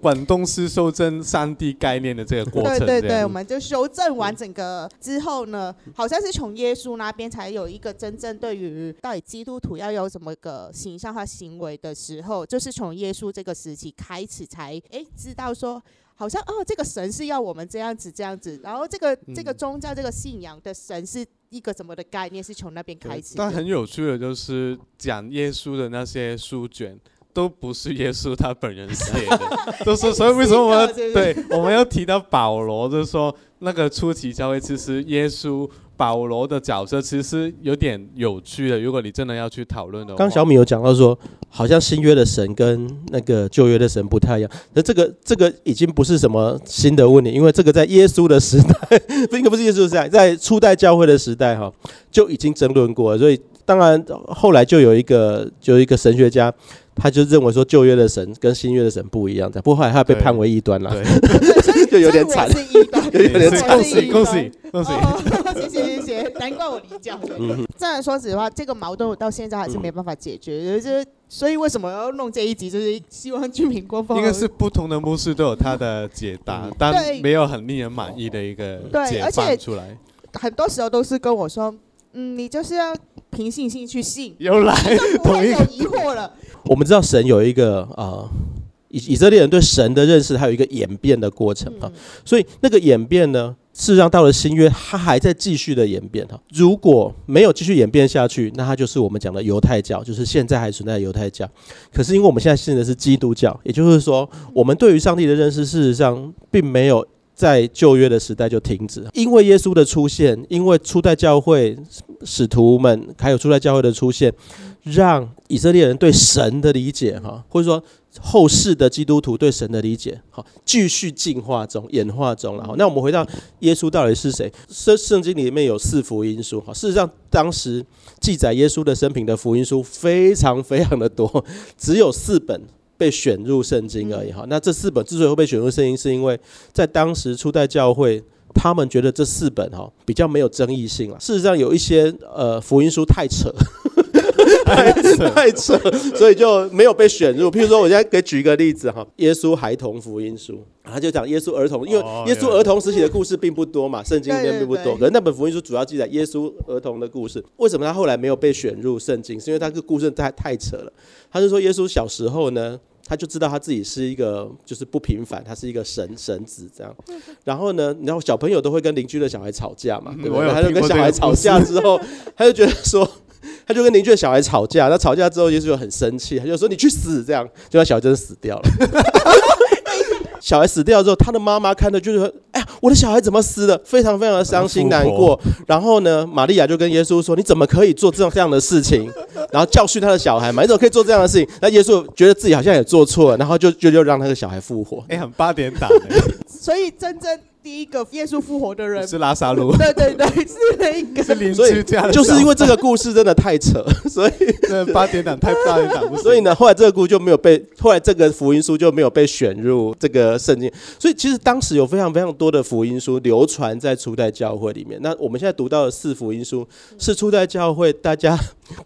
廣東式修正，修正三 d 概念的這個過程。對對對，我們
就修正完整個之後呢。呃， 好像是從耶穌那邊才有一個真正對於到底基督徒要有什麼個形象和行為的時候，就是從耶穌這個時期開始才誒，知道說，好像哦，這個神是要我們這樣子這樣子，然後這個、嗯、這個宗教這個信仰的神是一個什麼的概念，是從那邊開始。但很
有趣的就是講耶穌的那些書卷。都不是耶穌他本人寫的，就是所以為什麼我們對我們要提到保羅，就是說那個初期教會其實耶穌保羅的角色其實有點有趣的。如果你真的要去討論的話，剛小
米有講到說，好像新約的神跟那個舊約的神不太一樣。那這個這個已經不是什麼新的問題，因為這個在耶穌的時代，這應該不是耶穌的時代，在初代教會的時代哈就已經爭論過了。所以當然後來就有一個就有一個神學家。他就認為說舊約的神跟新約的神不一樣的，的不過後來他被判為異端了，對對 就有點慘，對是是是異端 有點慘，恭喜恭喜恭喜！謝
謝謝謝，難怪我離教。 嗯，這樣說實話，這個矛盾我到現在還是沒辦法解決，嗯、就是所以為什麼要弄這一集？就是希望居民各方應該是
不同的模式都有他的解答、嗯，但沒有很令人滿意的一個解出來，
對，而且。很多時候都是跟我說，嗯，你就是要。憑信心去信，有來同意疑
惑了。我們知道神有一個啊、呃，以以色列人對神的認識，還有一個演變的過程啊、嗯。所以那個演變呢，事實上到了新約，它還在繼續的演變哈。如果沒有繼續演變下去，那它就是我們講的猶太教，就是現在還存在猶太教。可是因為我們現在信的是基督教，也就是說，我們對於上帝的認識，事實上並沒有。在舊約的時代就停止，因為耶穌的出現，因為初代教會使徒們，還有初代教會的出現，讓以色列人對神的理解，哈，或者說後世的基督徒對神的理解，好，繼續進化中、演化中了。好，那我們回到耶穌到底是誰？聖聖經裡面有四福音書，哈，事實上當時記載耶穌的生平的福音書非常非常的多，只有四本。被選入聖經而已哈、嗯，那這四本之所以會被選入聖經，是因為在當時初代教會，他們覺得這四本哈比較沒有爭議性了。事實上，有一些呃福音書太扯。 太扯, 太扯，所以就沒有被選入。譬如說，我現在給舉一個例子哈，耶穌孩童福音書，他就講耶穌兒童，因為耶穌兒童時期的故事並不多嘛，哦、聖經裡面並不多對對對。可是那本福音書主要記載耶穌兒童的故事，為什麼他後來沒有被選入聖經？是因為他的故事太太扯了。他就說耶穌小時候呢，他就知道他自己是一個就是不平凡，他是一個神神子這樣。然後呢，然後小朋友都會跟鄰居的小孩吵架嘛，嗯、對不對？他就跟小孩吵架之後，他就覺得說。他就跟鄰居的小孩吵架，那吵架之後耶穌就很生氣，他就說你去死這樣，結果小孩真的死掉了。 小孩死掉之後，他的媽媽看到就是說，哎呀，我的小孩怎麼死的？非常非常的傷心難過。然後呢，瑪利亞就跟耶穌說，你怎麼可以做這樣這樣的事情？然後教訓他的小孩嘛，你怎麼可以做這樣的事情？那耶穌覺得自己好像也做錯了，然後就就就讓他的小孩復活。哎呀，很八點檔，
所以真真。第一個耶穌復活的人是拉撒路，對對
對，是那一個。 所以就是因為這個故事真的太扯，所以八點
檔太八點檔，
所以呢，後來這個故事就沒有被，後來這個福音書就沒有被選入這個聖經。所以其實當時有非常非常多的福音書流傳在初代教會裡面。那我們現在讀到的四福音書是初代教會大家。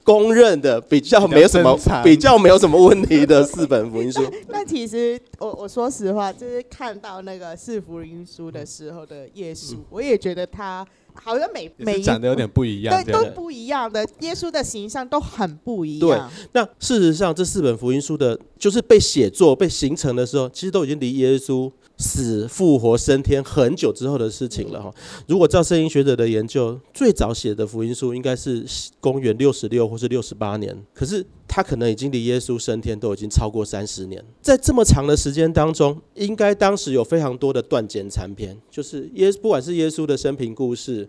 公認的比較沒有什麼比較，比較沒有什麼問題的四本福音書。
那，那其實我我說實話，就是看到那個四福音書的時候的耶穌、嗯，我也覺得他好像每每一長得
有點不一樣一、嗯，對，都不
一樣的耶穌的形象都很不一樣。對，
那事實上這四本福音書的，就是被寫作被形成的時候，其實都已經離耶穌。死、復活、升天，很久之後的事情了哈。如果照聖經學者的研究，最早寫的福音書應該是公元六十六或是六十八年，可是他可能已經離耶穌升天都已經超過三十年。在這麼長的時間當中，應該當時有非常多的斷簡殘篇，就是耶，不管是耶穌的生平故事。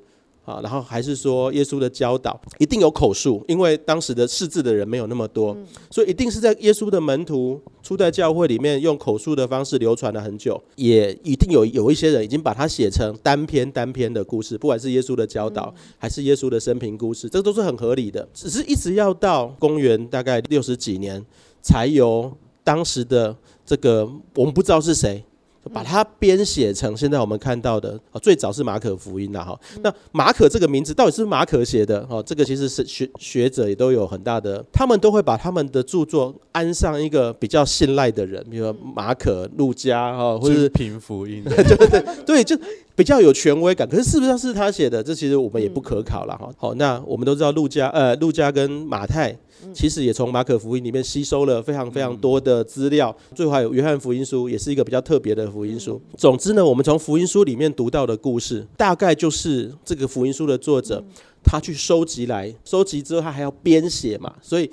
啊，然後還是說耶穌的教導一定有口述，因為當時的識字的人沒有那麼多，所以一定是在耶穌的門徒初代教會裡面用口述的方式流傳了很久，也一定有有一些人已經把它寫成單篇單篇的故事，不管是耶穌的教導還是耶穌的生平故事，這都是很合理的。只是一直要到公元大概六十幾年，才由當時的這個我們不知道是誰。把它編寫成現在我們看到的，哦，最早是馬可福音啦，哈。那馬可這個名字到底是，是馬可寫的？哦，這個其實是學學者也都有很大的，他們都會把他們的著作安上一個比較信賴的人，比如說馬可、路加，哈，或是
平、就是、福音，對
對、就是、對，就。比較有權威感，可是是不是是他寫的？這其實我們也不可考了哈、嗯。好，那我們都知道，路加呃，路加跟馬太其實也從馬可福音裡面吸收了非常非常多的資料，嗯、最後還有約翰福音書，也是一個比較特別的福音書、嗯。總之呢，我們從福音書裡面讀到的故事，大概就是這個福音書的作者、嗯、他去收集來，收集之後他還要編寫嘛，所以。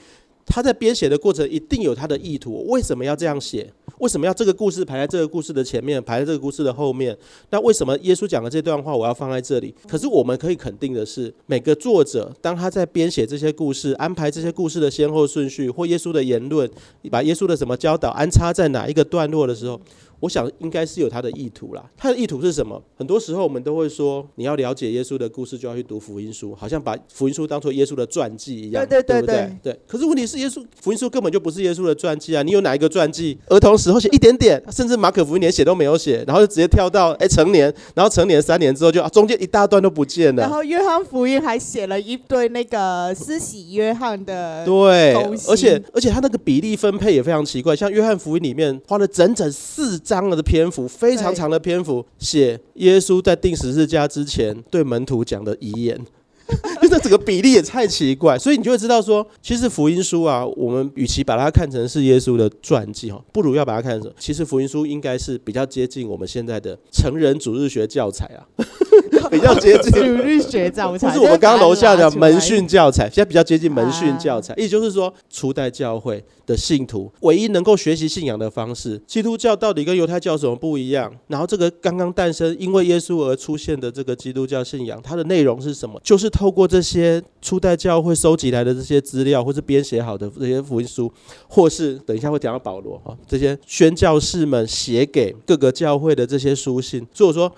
他在編寫的過程一定有他的意圖，為什麼要這樣寫？為什麼要這個故事排在這個故事的前面，排在這個故事的後面？那為什麼耶穌講的這段話我要放在這裡？可是我們可以肯定的是，每個作者當他在編寫這些故事、安排這些故事的先後順序，或耶穌的言論，把耶穌的什麼教導安插在哪一個段落的時候。我想應該是有他的意圖啦。他的意圖是什麼？很多時候我們都會說，你要了解耶穌的故事，就要去讀福音書，好像把福音書當作耶穌的傳記一樣，對，對，對，對，對不對？對。可是問題是耶，耶穌福音書根本就不是耶穌的傳記啊！你有哪一個傳記？兒童時候寫一點點， 甚至馬可福音連寫都沒有寫，然後就直接跳到哎、欸、成年，然後成年三年之後就、啊、中間一大段都不見了。然
後約翰福音還寫了一堆那個施洗約翰的對，而且
而且他那個比例分配也非常奇怪，像約翰福音裡面花了整整四章了的篇幅，非常長的篇幅，寫耶穌在定十字架之前對門徒講的遺言， 就這整個比例也太奇怪，所以你就會知道說，其實福音書啊，我們與其把它看成是耶穌的傳記，不如要把它看成什麼，其實福音書應該是比較接近我們現在的成人主日學教材啊，
比較接近 主日學教材， 就是我
們剛剛樓下的門訓教材，現在比較接近門訓教材，也、啊、就是說初代教會。的信徒唯一能夠學習信仰的方式，基督教到底跟猶太教有什麼不一樣？然後這個剛剛誕生、因為耶穌而出現的這個基督教信仰，它的內容是什麼？就是透過這些初代教會收集來的這些資料，或是編寫好的這些福音書，或是等一下會講到保羅哈，這些宣教士們寫給各個教會的這些書信。所以說。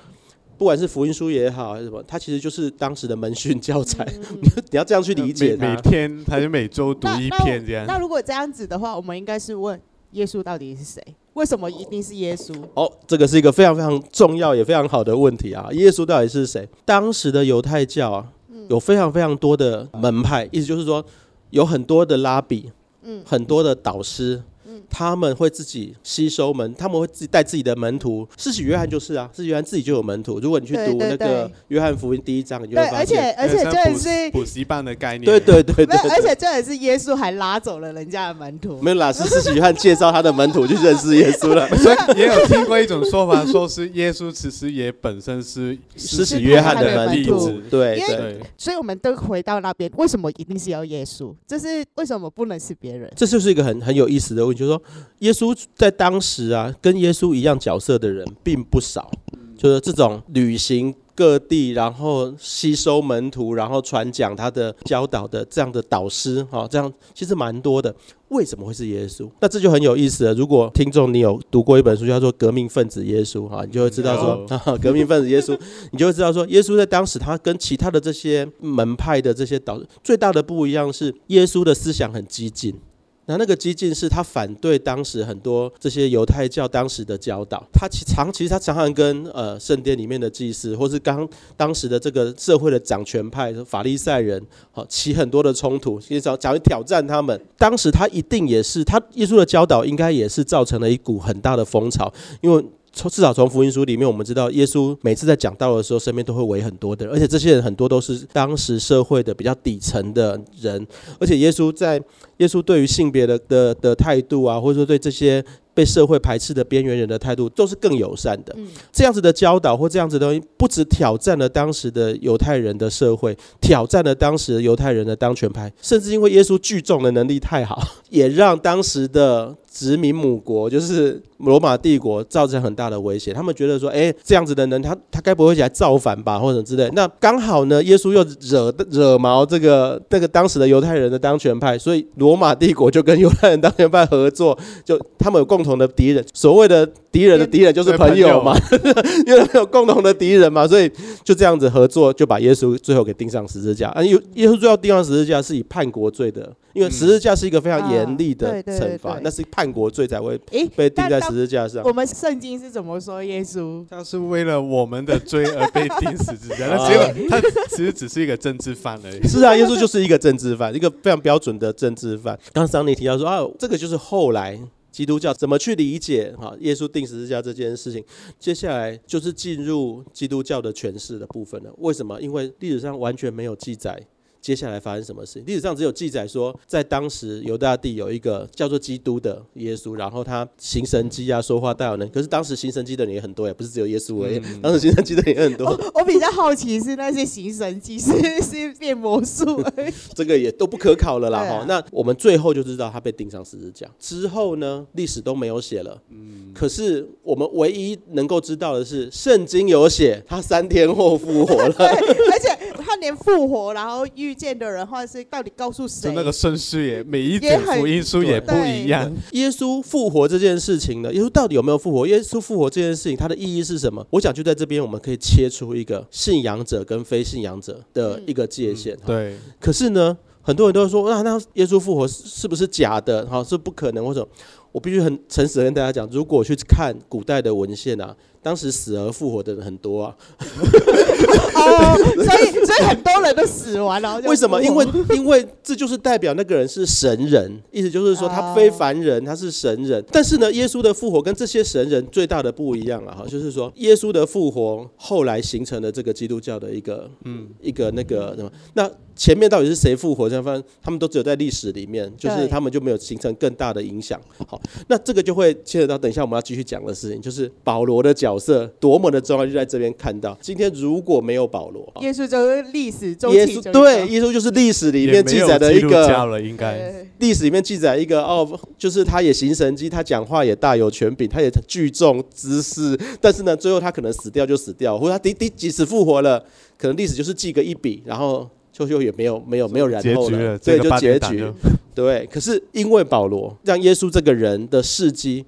不管是福音書也好，還是什麼，它其實就是當時的門訓教材。嗯嗯 你。你要這樣去理解他每、每天還是每周讀一篇這樣。嗯那那。那如
果這樣子的話，我們應該是問耶穌到底是誰？為什麼一定是耶穌？
哦，這個是一個非常非常重要也非常好的問題啊！耶穌到底是誰？當時的猶太教，啊、有非常非常多的門派，嗯，意思就是說有很多的拉比，嗯，很多的導師。他們會自己吸收門，他們會自己帶自己的門徒。施洗約翰就是啊，施洗約翰自己就有門徒。如果你去讀對對對那個《約翰福音》第一章，你就會發現，而且而且這也是補習班的概念。對對對對，對沒有，而且
這也是耶穌還拉走了
人家的門徒， 沒有啦，是施洗約翰介紹他的門徒去認識耶穌了。 所以也有聽過一種說法，
說是耶穌其實也本身是施洗 約翰的門徒。門徒對對、對、對，
所以我們都回到那邊，為什麼一定是要耶穌？這是為什麼不能是別
人？這就是一個很很有意思的問題。就是說耶穌在當時啊，跟耶穌一樣角色的人並不少，就是這種旅行各地，然後吸收門徒，然後傳講他的教導的這樣的導師哈，這樣其實蠻多的。為什麼會是耶穌？那這就很有意思了。如果聽眾你有讀過一本書叫做《革命分子耶穌》哈，你就會知道說，革命分子耶穌，你就會知道說，耶穌在當時他跟其他的這些門派的這些導師最大的不一樣是，耶穌的思想很激進。那那個激進是他反對當時很多這些猶太教當時的教導，他其長其實他常常跟呃聖殿裡面的祭司，或是剛當時的這個社會的掌權派法利賽人，好起很多的衝突，也想想要挑戰他們。當時他一定也是他耶穌的教導，應該也是造成了一股很大的風潮，因為。從至少從福音書裡面，我們知道耶穌每次在講道的時候，身邊都會圍很多的人，而且這些人很多都是當時社會的比較底層的人。而且耶穌在耶穌對於性別的的的態度啊，或者說對這些被社會排斥的邊緣人的態度，都是更友善的。這樣子的教導或這樣子的東西，不只挑戰了當時的猶太人的社會，挑戰了當時猶太人的當權派，甚至因為耶穌聚眾的能力太好，也讓當時的。殖民母國就是羅馬帝國造成很大的威脅，他們覺得說，哎，這樣子的人，他他該不會起來造反吧？或者之類。那剛好呢，耶穌又惹惹毛這個那個當時的猶太人的當權派，所以羅馬帝國就跟猶太人當權派合作，就他們有共同的敵人。所謂的敵人的敵人就是朋友嘛，因為 他們有共同的敵人嘛，所以就這樣子合作，就把耶穌最後給釘上十字架。啊，猶耶穌最後釘上十字架是以叛國罪的。因為十字架是一個非常嚴厲的懲罰，那、啊、是叛國罪才會被釘在十字架上。我
們聖經是怎麼
說耶穌？他是為了我們的罪而被釘十字架，那 結果他其實只是一個政治犯而已。是啊，耶穌就
是一個政治犯， 一個非常標準的政治犯。剛剛桑尼提到說哦、啊，這個就是後來基督教怎麼去理解哈、啊、耶穌釘十字架這件事情。接下來就是進入基督教的詮釋的部分了。為什麼？因為歷史上完全沒有記載。接下來發生什麼事？歷史上只有記載說，在當時猶大地有一個叫做基督的耶穌，然後他行神蹟啊，說話帶有呢。可是當時行神蹟的人也很多，也不是只有耶穌而已，嗯。當時行神蹟的人也很多
我。我比較好奇是那些行神蹟是是變魔術？
這個也都不可考了啦。哈、啊，那我們最後就知道他被釘上十字架之後呢，歷史都沒有寫了。嗯，可是我們唯一能夠知道的是，聖經有寫他三天後復活了， 而且。
連復活，然後遇見的人，或者是到底告訴誰？就那個
順序也，每一卷福音書也不一樣。耶穌復活這件事情呢，耶穌到底有沒有復活？耶穌復活這件事情，它的意義是什麼？我想就在這邊，我們可以切出一個信仰者跟非信仰者的一個界限。嗯哦、對。可是呢，很多人都會說，那、啊、那耶穌復活是不是假的？好、哦，是不可能或者我必須很誠實跟大家講，如果去看古代的文獻啊。當時死而復活的人很多啊，哦，所以所以
很多人都死完了。為什麼？因為
因為這就是代表那個人是神人，意思就是說他非凡人，他是神人。但是呢，耶穌的復活跟這些神人最大的不一樣了哈，就是說耶穌的復活後來形成了這個基督教的一個嗯一個那個什麼那。前面到底是誰復活？相反，他們都只有在歷史裡面，就是他們就沒有形成更大的影響。好，那這個就會牽扯到，等一下我們要繼續講的事情，就是保羅的角色多麼的重要，就在這邊看到。今天如果沒有保羅，
耶穌就是歷史中，耶穌對，耶
穌就是歷史裡面記載的一個，應該，歷史裡面記載一個哦，就是他也行神蹟，他講話也大有權柄，他也聚眾滋事，但是呢，最後他可能死掉就死掉，或者他第第即使復活了，可能歷史就是記個一筆，然後。就就也沒有沒有沒有然後了，了，這個、對，就結局。嗯、對，可是因為保羅讓耶穌這個人的事蹟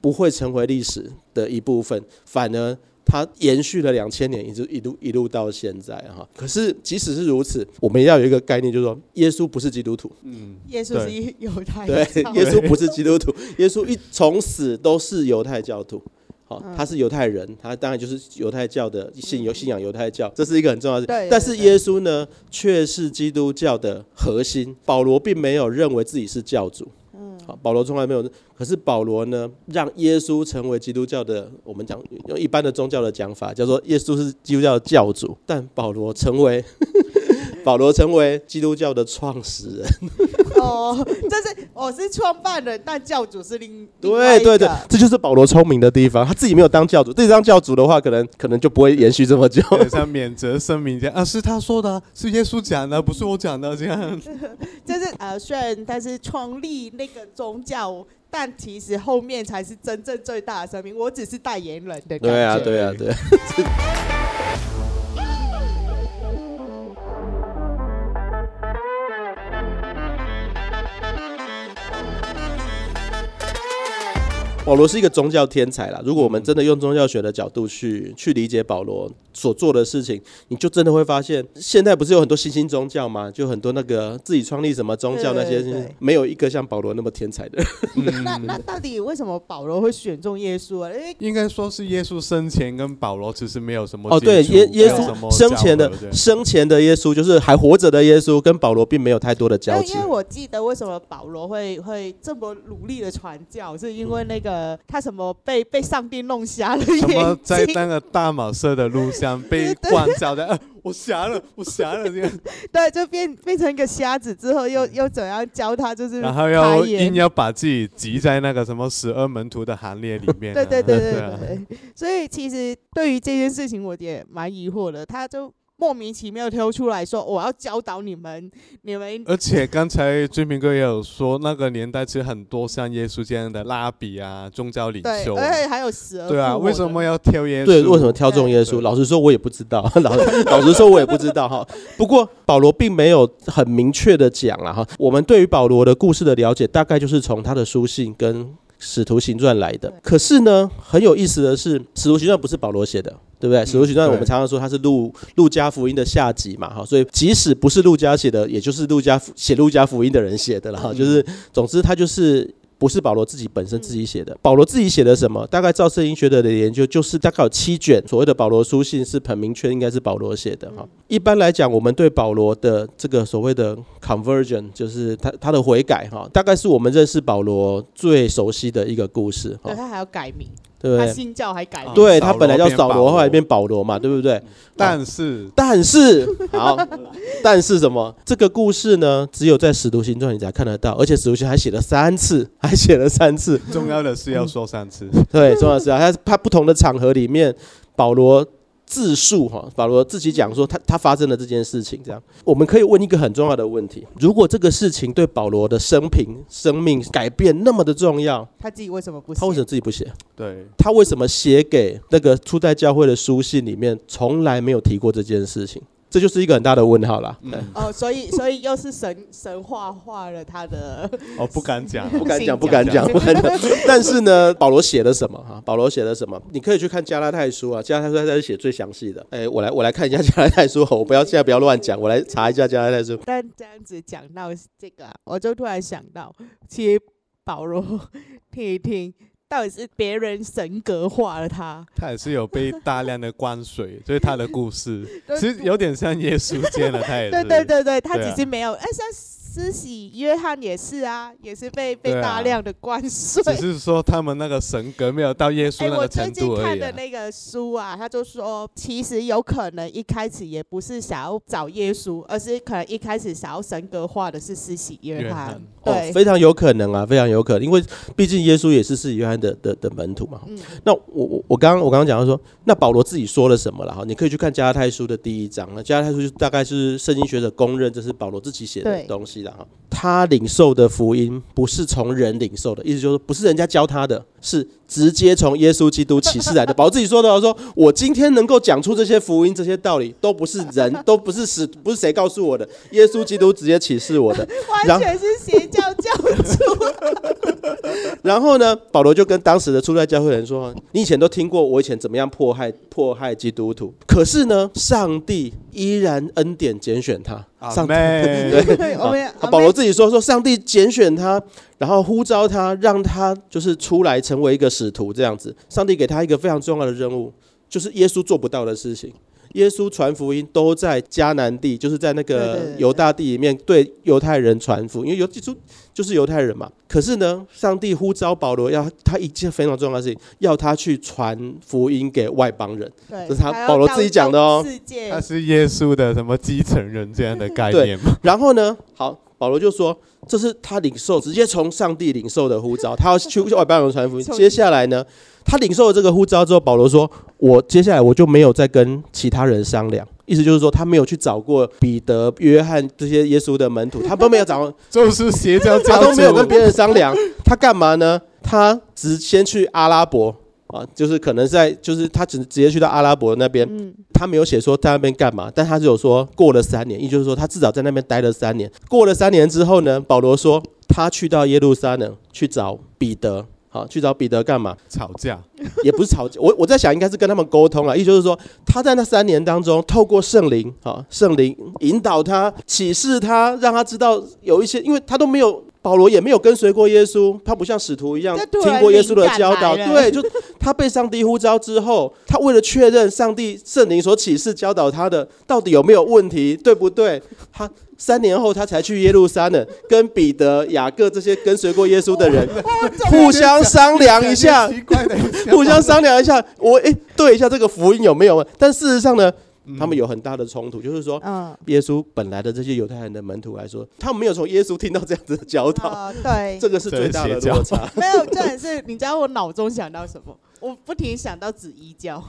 不會成為歷史的一部分，嗯、反而他延續了兩千年，一直一路一路到現在哈。可是即使是如此，我們也要有一個概念，就是說耶穌不是基督徒，嗯耶穌，
耶穌是猶太，
對，耶穌不是基督徒，對耶穌一從死都是猶太教徒。對 好，他是猶太人，他當然就是猶太教的信，有信仰猶太教，這是一個很重要的事情。對對對對，但是耶穌呢，卻是基督教的核心。保羅並沒有認為自己是教主，嗯，好，保羅從來沒有。可是保羅呢，讓耶穌成為基督教的，我們講用一般的宗教的講法，叫做耶穌是基督教的教主，但保羅成為。 保羅成為基督教的創始人。
哦、 oh,，就是我是創辦人，但教主是另，
對，另一個。對、對、對，這，這就是保羅聰明的地方，他自己沒有當教
主，自己當教主的話，可能可能就不會延續這麼久。像免責聲明這樣啊，是他說的，是耶穌講的，不是我講的這樣。
就 是呃、啊，雖然他是創立那個宗教，但其實後面才是真正最大的聲明。我只是代言人。對對對啊，對啊，
對。 保羅是一個宗教天才啦。如果我們真的用宗教學的角度去、嗯、去理解保羅所做的事情，你就真的會發現，現在不是有很多新興宗教嗎？就很多那個自己創立什麼宗教那些，對對對對沒有一個像保羅那麼天才的。嗯、
那那到底為什麼保羅會選中耶穌啊？因為
應該說是耶穌生前跟保羅其實沒有什麼哦，對，耶耶穌生前的
生前的耶穌就是還活着的耶穌，跟保羅並沒有太多的交集。因
為我記得為什麼保羅會會這麼努力的傳教，是因為那個。呃，他什麼被被上帝弄瞎了？什麼在那
個大馬色的路上被光照的？呃、 啊，我瞎了，我瞎了！這樣，
對，就變變成一個瞎子之後，又又怎樣教他？就是然後要硬要
把自己擠在那個什麼十二門徒的行列裡面、啊。 對對對對對，對，對，對， 對。
所以其實對於這件事情，我也蠻疑惑的。他就。莫名其妙挑出來說，我要教導你們，你們。而
且剛才君平哥也有說，那個年代其實很多像耶穌這樣的拉比啊、宗教領袖。對，還有十對啊，為什麼要挑耶穌？對，為什麼
挑中耶穌？老實說，我也不知道。老
老實說，我也不知道哈。
不過保羅並沒有很明確的講啊哈。我們對於保羅的故事的了解，大概就是從他的書信跟《使徒行傳》來的。可是呢，很有意思的是，《使徒行傳》不是保羅寫的。對不對？使徒行傳我們常常說他是路路加福音的下集嘛，哈，所以即使不是路加寫的，也就是路加寫路加福音的人寫的了，哈，就是總之他就是不是保羅自己本身自己寫的。嗯、保羅自己寫的什麼？大概照聖經學者的研究，就是大概有七卷所謂的保羅書信是很明確應該是保羅寫的，哈、嗯。一般來講，我們對保羅的這個所謂的 conversion，就是他他的悔改，哈，大概是我們認識保羅最熟悉的一個故事。哈、啊，
他還要改名。對對，他信教還改了、啊，
對，他本來叫掃羅，後來變保羅嘛，對不對？但是、哦、但是好， 但是什麼？這個故事呢，只有在使徒行傳你才看得到，而且使徒行傳還寫了三次，還寫了三次。重要的是要說三次、嗯，對，重要的是啊，他他不同的場合裡面，保羅。自述哈，保羅自己講說他他發生了這件事情，這樣我們可以問一個很重要的問題：如果這個事情對保羅的生平生命改變那麼的重要，
他自己為什麼不？
他為什麼自己不寫？對，他為什麼寫給那個初代教會的書信裡面從來沒有提過這件事情？這就是一個很大的問號啦。嗯、
哦，所以所以又是神神話化，化了他的。 哦，不敢, 不
敢
講，不敢講，不敢講，不敢講。但是呢，保羅寫了什麼哈？保羅寫了什麼？你可以去看加書、啊《加拉太書》啊，《加拉太書》他是寫最詳細的。哎，我來我來看一下《加拉太書》，我不要現在不要亂講，我來查一下《加拉太書》。
但這樣子講到這個、啊，我就突然想到，其實保羅聽一聽。到底是別人神格化了他，
他也是有被大量的灌水，所 以他的故事其實 有點像耶穌，見了他也是。 對對對對，他只是
沒有，哎、啊，像。施洗約翰也是啊，也是被被大量的灌輸、啊。只是
說他們那個神格沒有到耶穌那個程度、啊欸、我最近看
的那個書啊，他就說，其實有可能一開始也不是想要找耶穌，而是可能一開始想要神格化的是施洗約翰，約翰，對，oh, 非常
有可能啊，非常有可能，因為畢竟耶穌也是施洗約翰的的的門徒嘛。嗯，那我我剛剛我剛剛我剛剛講到說，那保羅自己說了什麼了哈？你可以去看加拉太書的第一章，那加拉太書大概就是聖經學者公認這是保羅自己寫的東西。他領受的福音不是從人領受的，意思就是不是人家教他的。是直接從耶穌基督啟示來的。保羅自己說的，我說我今天能夠講出這些福音、這些道理，都不是人，都不是死，不是誰告訴我的，耶穌基督直接啟示我的。完全是
邪教教
主。然後， 然後呢，保羅就跟當時的初代教會人說：“你以前都聽過我以前怎麼樣迫害迫害基督徒，可是呢，上帝依然恩典揀選他。Amen. 上帝對，OK、 啊啊啊。保羅自己說說，上帝揀選他。”然後呼召他，讓他就是出來成為一個使徒這樣子。上帝給他一個非常重要的任務，就是耶穌做不到的事情。耶穌傳福音都在迦南地，就是在那個猶大地裡面對猶太人傳福音，對對對對，因為耶穌基督就是猶太人嘛。可是呢，上帝呼召保羅，要他一件非常重要的事情，要他去傳福音給外邦人。這是他保羅自己講的哦，世界。他是耶穌的什麼繼承人這樣的概念嘛？ 然後呢，好，保羅就說。這是他領受直接從上帝領受的呼召，他要去外邦人傳福音。 接下來呢，他領受了這個呼召之後，保羅說：“我接下來我就沒有再跟其他人商量。”意思就是說，他沒有去找過彼得、約翰這些耶穌的門徒，他都沒有找，就是邪教，他都沒有跟別人商量。 他幹嘛呢？他只先去阿拉伯。啊，就是可能在，就是他只直接去到阿拉伯那邊、嗯，他沒有寫說在那邊幹嘛，但他只有說過了三年，意思就是說他至少在那邊待了三年。過了三年之後呢，保羅說他去到耶路撒冷去找彼得，好、啊、去找彼得幹嘛？吵架，也不是吵架，我我在想應該是跟他們溝通啦。意思就是說他在那三年當中，透過聖靈，啊，聖靈引導他、啟示他，讓他知道有一些，因為他都沒有。保羅也沒有跟隨過耶穌，他不像使徒一樣聽過耶穌的教導。對，就他被上帝呼召之後，他為了確認上帝聖靈所啟示教導他的到底有沒有問題，對不對？他三年後他才去耶路撒冷，跟彼得、雅各這些跟隨過耶穌的人
互相商量一下，互相
商量一下，我誒、欸，對一下這個福音有沒有？但事實上呢？他們有很大的衝突，嗯，就是說，耶穌本來的這些猶太人的門徒來說，哦，他們沒有從耶穌聽到這樣子的教導，哦，對，這個是
最大的落差。邪教 沒有，
重點是你知道我腦中想到什麼。我不停想到紫衣教，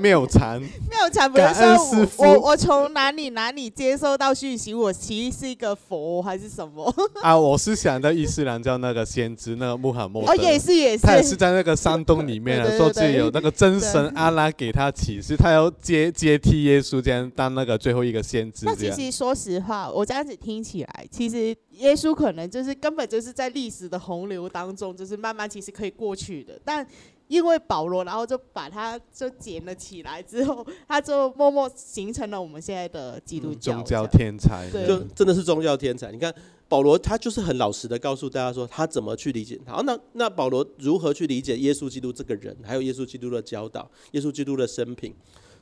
妙 禪，妙禪不是說我，我我
從哪裡哪裡接收到訊息，我其實是一個佛、哦、還是什麼？
啊，我是想到伊斯蘭教那個先知， 那個穆罕默德，哦、也是也是，他也是在那個山洞裡面，是對對對，說自己有那個真神阿拉給他啟示，對對對，其實他要接接替耶穌，這樣當那個最後一個先知。那其實
說實話，我這樣子聽起來，其實。耶穌可能就是根本就是在歷史的洪流當中，就是慢慢其實可以過去的，但因為保羅，然後就把他就撿了起來，之後他就默默形成了我們現在的
基督教，嗯，宗教天才，對，就真的是宗教天才。你看保羅，他就是很老實的告訴大家說，他怎麼去理解。他。那那保羅如何去理解耶穌基督這個人，還有耶穌基督的教導，耶穌基督的生平。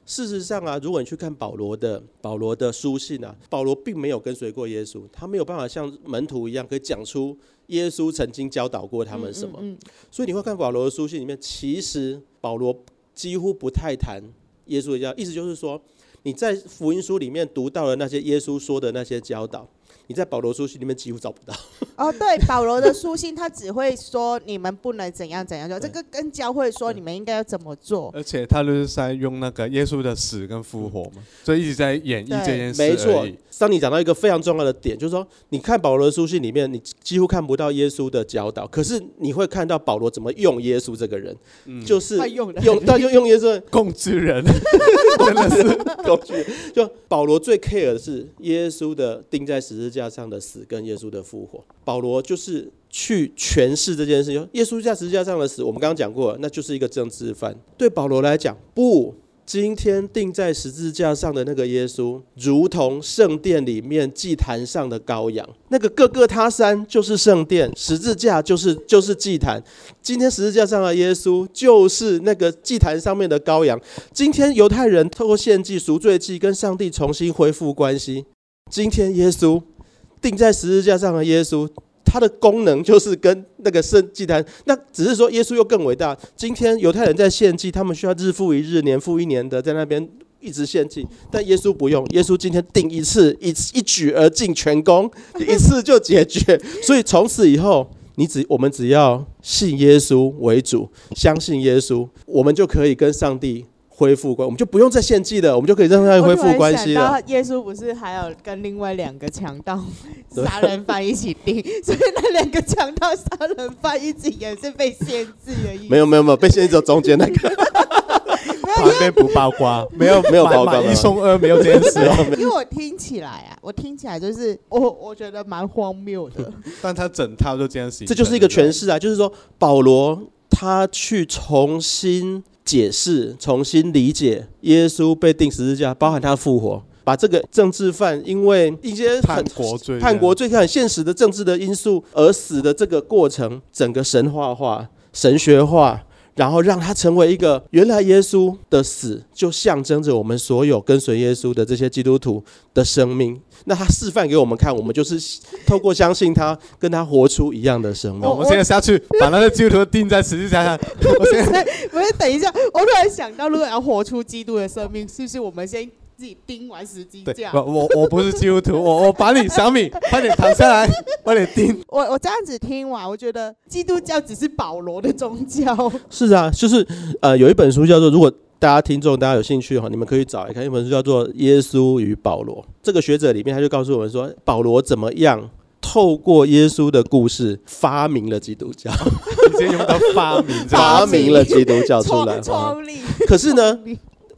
事實上啊，如果你去看保羅的保羅的書信啊，保羅並沒有跟隨過耶穌，他沒有辦法像門徒一樣，可以講出耶穌曾經教導過他們什麼。嗯嗯嗯。所以你會看保羅的書信裡面，其實保羅幾乎不太談耶穌的教。意思就是說，你在福音書裡面讀到了那些耶穌說的那些教導。你在保羅書信裡面幾乎找不到。
哦，對，保羅的書信他只會說你們不能怎樣怎樣就 這個跟教會說你們應該要怎
麼做。
而且他就是在用那個耶穌的死跟復活嘛、嗯，所以一直在演繹這件事。
沒錯。當你講到一個非常重要的點，就是說你看保羅的書信裡面，你幾乎看不到耶穌的教導，可是你會看到保羅怎麼用耶穌這個人，嗯、就是
用他用耶用耶穌
控制人，真的是工具。 之人 之人 就保羅最 care 的是耶穌的釘在十字。十字架上的死跟耶穌的復活，保羅就是去詮釋這件事情。耶穌架十字架上的死，我們剛剛講過，那就是一個政治犯。對保羅來講，不，今天釘在十字架上的那個耶穌，如同聖殿裡面祭壇上的羔羊。那個各各他山就是聖殿，十字架就是就是祭壇。今天十字架上的耶穌，就是那個祭壇上面的羔羊。今天猶太人透過獻祭贖，贖罪祭，跟上帝重新恢復關係。今天耶穌。釘在十字架上的耶穌，他的功能就是跟那個聖祭壇。那只是說耶穌又更偉大。今天猶太人在獻祭，他們需要日復一日、年復一年的在那邊一直獻祭，但耶穌不用。耶穌今天釘一次，一一舉而盡全功，一次就解決。 所以從此以後，你只我們只要信耶穌為主，相信耶穌，我們就可以跟上帝。恢復關，我們就不用再獻祭了，我們就可以讓他恢復關係了。
耶穌不是還有跟另外兩個強盜、殺人犯一起釘？ 所以那兩個強盜、殺人犯一起也是被獻祭
而已。 沒有沒有沒有被獻祭，中間那
個，旁 邊 不爆瓜 沒有沒有爆瓜。一 送滿 二沒有堅持、啊， 因為
我聽起來啊，我聽起來就是我我覺得蠻荒謬的。
但他整套就這樣寫，這就是一個
詮釋啊， 就是說保羅他去重新。解釋，重新理解耶穌被釘十字架，包含他復活，把這個政治犯因為一些叛國罪、叛國罪、國很現實的政治的因素而死的這個過程，整個神話化、神學化。然後讓他成為一個原來耶穌的死，就象徵着我們所有跟隨耶穌的這些基督徒的生命。那他示範給我們看，我們就是透過相信他，跟他活出一樣的生命 我。我們現在下去把
那個基督徒釘在十字架上。
我在，我，
我先等一下，我突然想到，如果要活出基督的生命，是不是我們先？自己盯完時機這樣，
對，我我我不是基督徒，我我把你小米，快 點躺下來，快點盯。
我我這樣子聽完，我覺得基督教只是保羅的宗教。
是啊，就是呃，有一本書叫做，如果大家聽眾，大家有興趣的話，你們可以找一看，一本書叫做《耶穌與保羅》。這個學者裡面他就告訴我們說，保羅怎麼樣透過耶穌的故事發明了基督教，直接用到發明，發明了基督教出來。 啊。可是呢？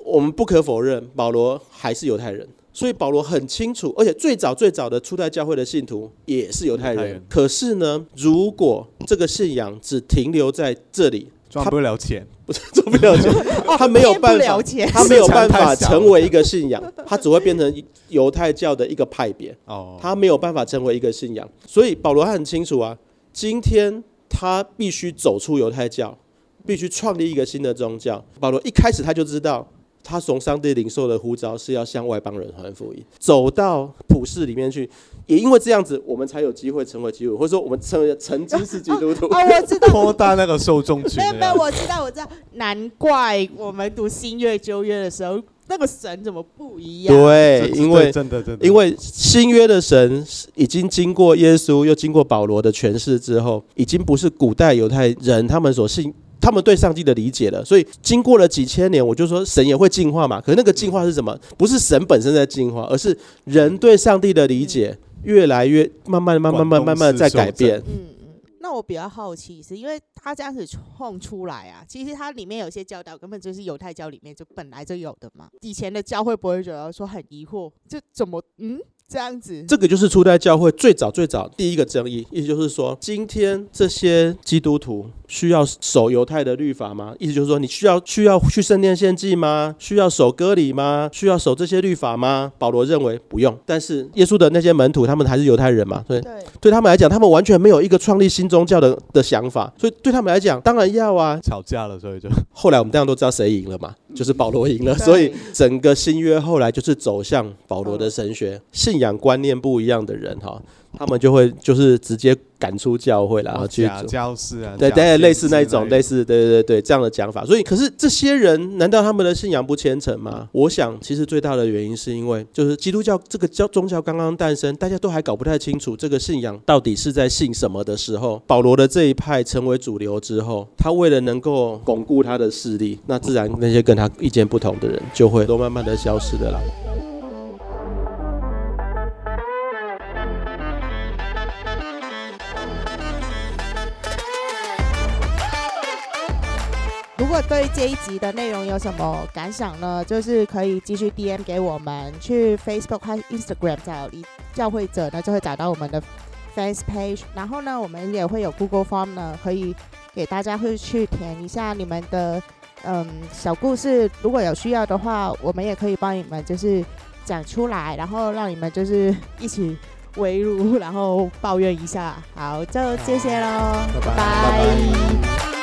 我們不可否認，保羅還是猶太人，所以保羅很清楚，而且最早最早的初代教會的信徒也是猶太，太人。可是呢，如果這個信仰只停留在這裡，賺不了錢，不賺不了錢、 哦，他沒有辦法，他沒有辦法成為一個信仰， 他只會變成猶太教的一個派別。哦，他沒有辦法成為一個信仰，所以保羅他很清楚啊，今天他必須走出猶太教，必須創立一個新的宗教。保羅一開始他就知道。他從上帝領受的呼召是要向外邦人傳福音，走到普世裡面去。也因為這樣子，我們才有機會成為基督徒，或者說我們成為
曾經是基督徒，啊。哦、啊啊，我知道，擴 大那個受眾群 我
知道，我知道。難怪我們讀新約舊約的時候，那個神怎麼不一樣，啊？對，因
為真的真的，
因為新約的神已經經過耶穌，又經過保羅的詮釋之後，已經不是古代猶太人他們所信。他們對上帝的理解了，所以經過了幾千年，我就說神也會進化嘛。可是那個進化是什麼？不是神本身在進化，而是人對上帝的理解越來越慢慢慢慢慢慢在改變。嗯
嗯，那我比較好奇是，因為他這樣子創出來啊，其實它裡面有些教導根本就是猶太教裡面就本來就有的嘛。以前的教會不會覺得說很疑惑，這怎麼嗯？這樣子，這個
就是初代教會最早最早第一個爭議，意思就是說，今天這些基督徒需要守猶太的律法嗎？意思就是說，你需要需要去聖殿獻祭嗎？需要守割禮嗎？需要守這些律法嗎？保羅認為不用，但是耶穌的那些門徒他們還是猶太人嘛，所以，對，對他們來講，他們完全沒有一個創立新宗教的的想法，所以對他們來講，當然要啊，吵架了，所以就後來我們大家都知道誰贏了嘛，就是保羅贏了， 所以整個新約後來就是走向保羅的神學。信仰觀念不一樣的人哈，他們就會就是直接趕出教會了，然後去假教師啊，對，類似那種類似，對對對，對，對，對，這樣的講法。所以，可是這些人難道他們的信仰不虔誠嗎？我想，其實最大的原因是因為，就是基督教這個教宗教剛剛誕生，大家都還搞不太清楚這個信仰到底是在信什麼的時候，保羅的這一派成為主流之後，他為了能夠鞏固他的勢力，那自然那些跟他意見不同的人就會都慢慢的消失的了。
如果對這一集的內容有什麼感想呢？就是可以繼續 DM 給我們，去 Facebook 和 Instagram 找離教會者呢，就會找到我們的 Face page。然後呢，我們也會有 Google Form 呢，可以給大家會去填一下你們的嗯，小故事。如果有需要的話，我們也可以幫你們就是講出來，然後讓你們就是一起圍爐，然後抱怨一下。好，就這些嘍，拜拜。拜拜拜拜。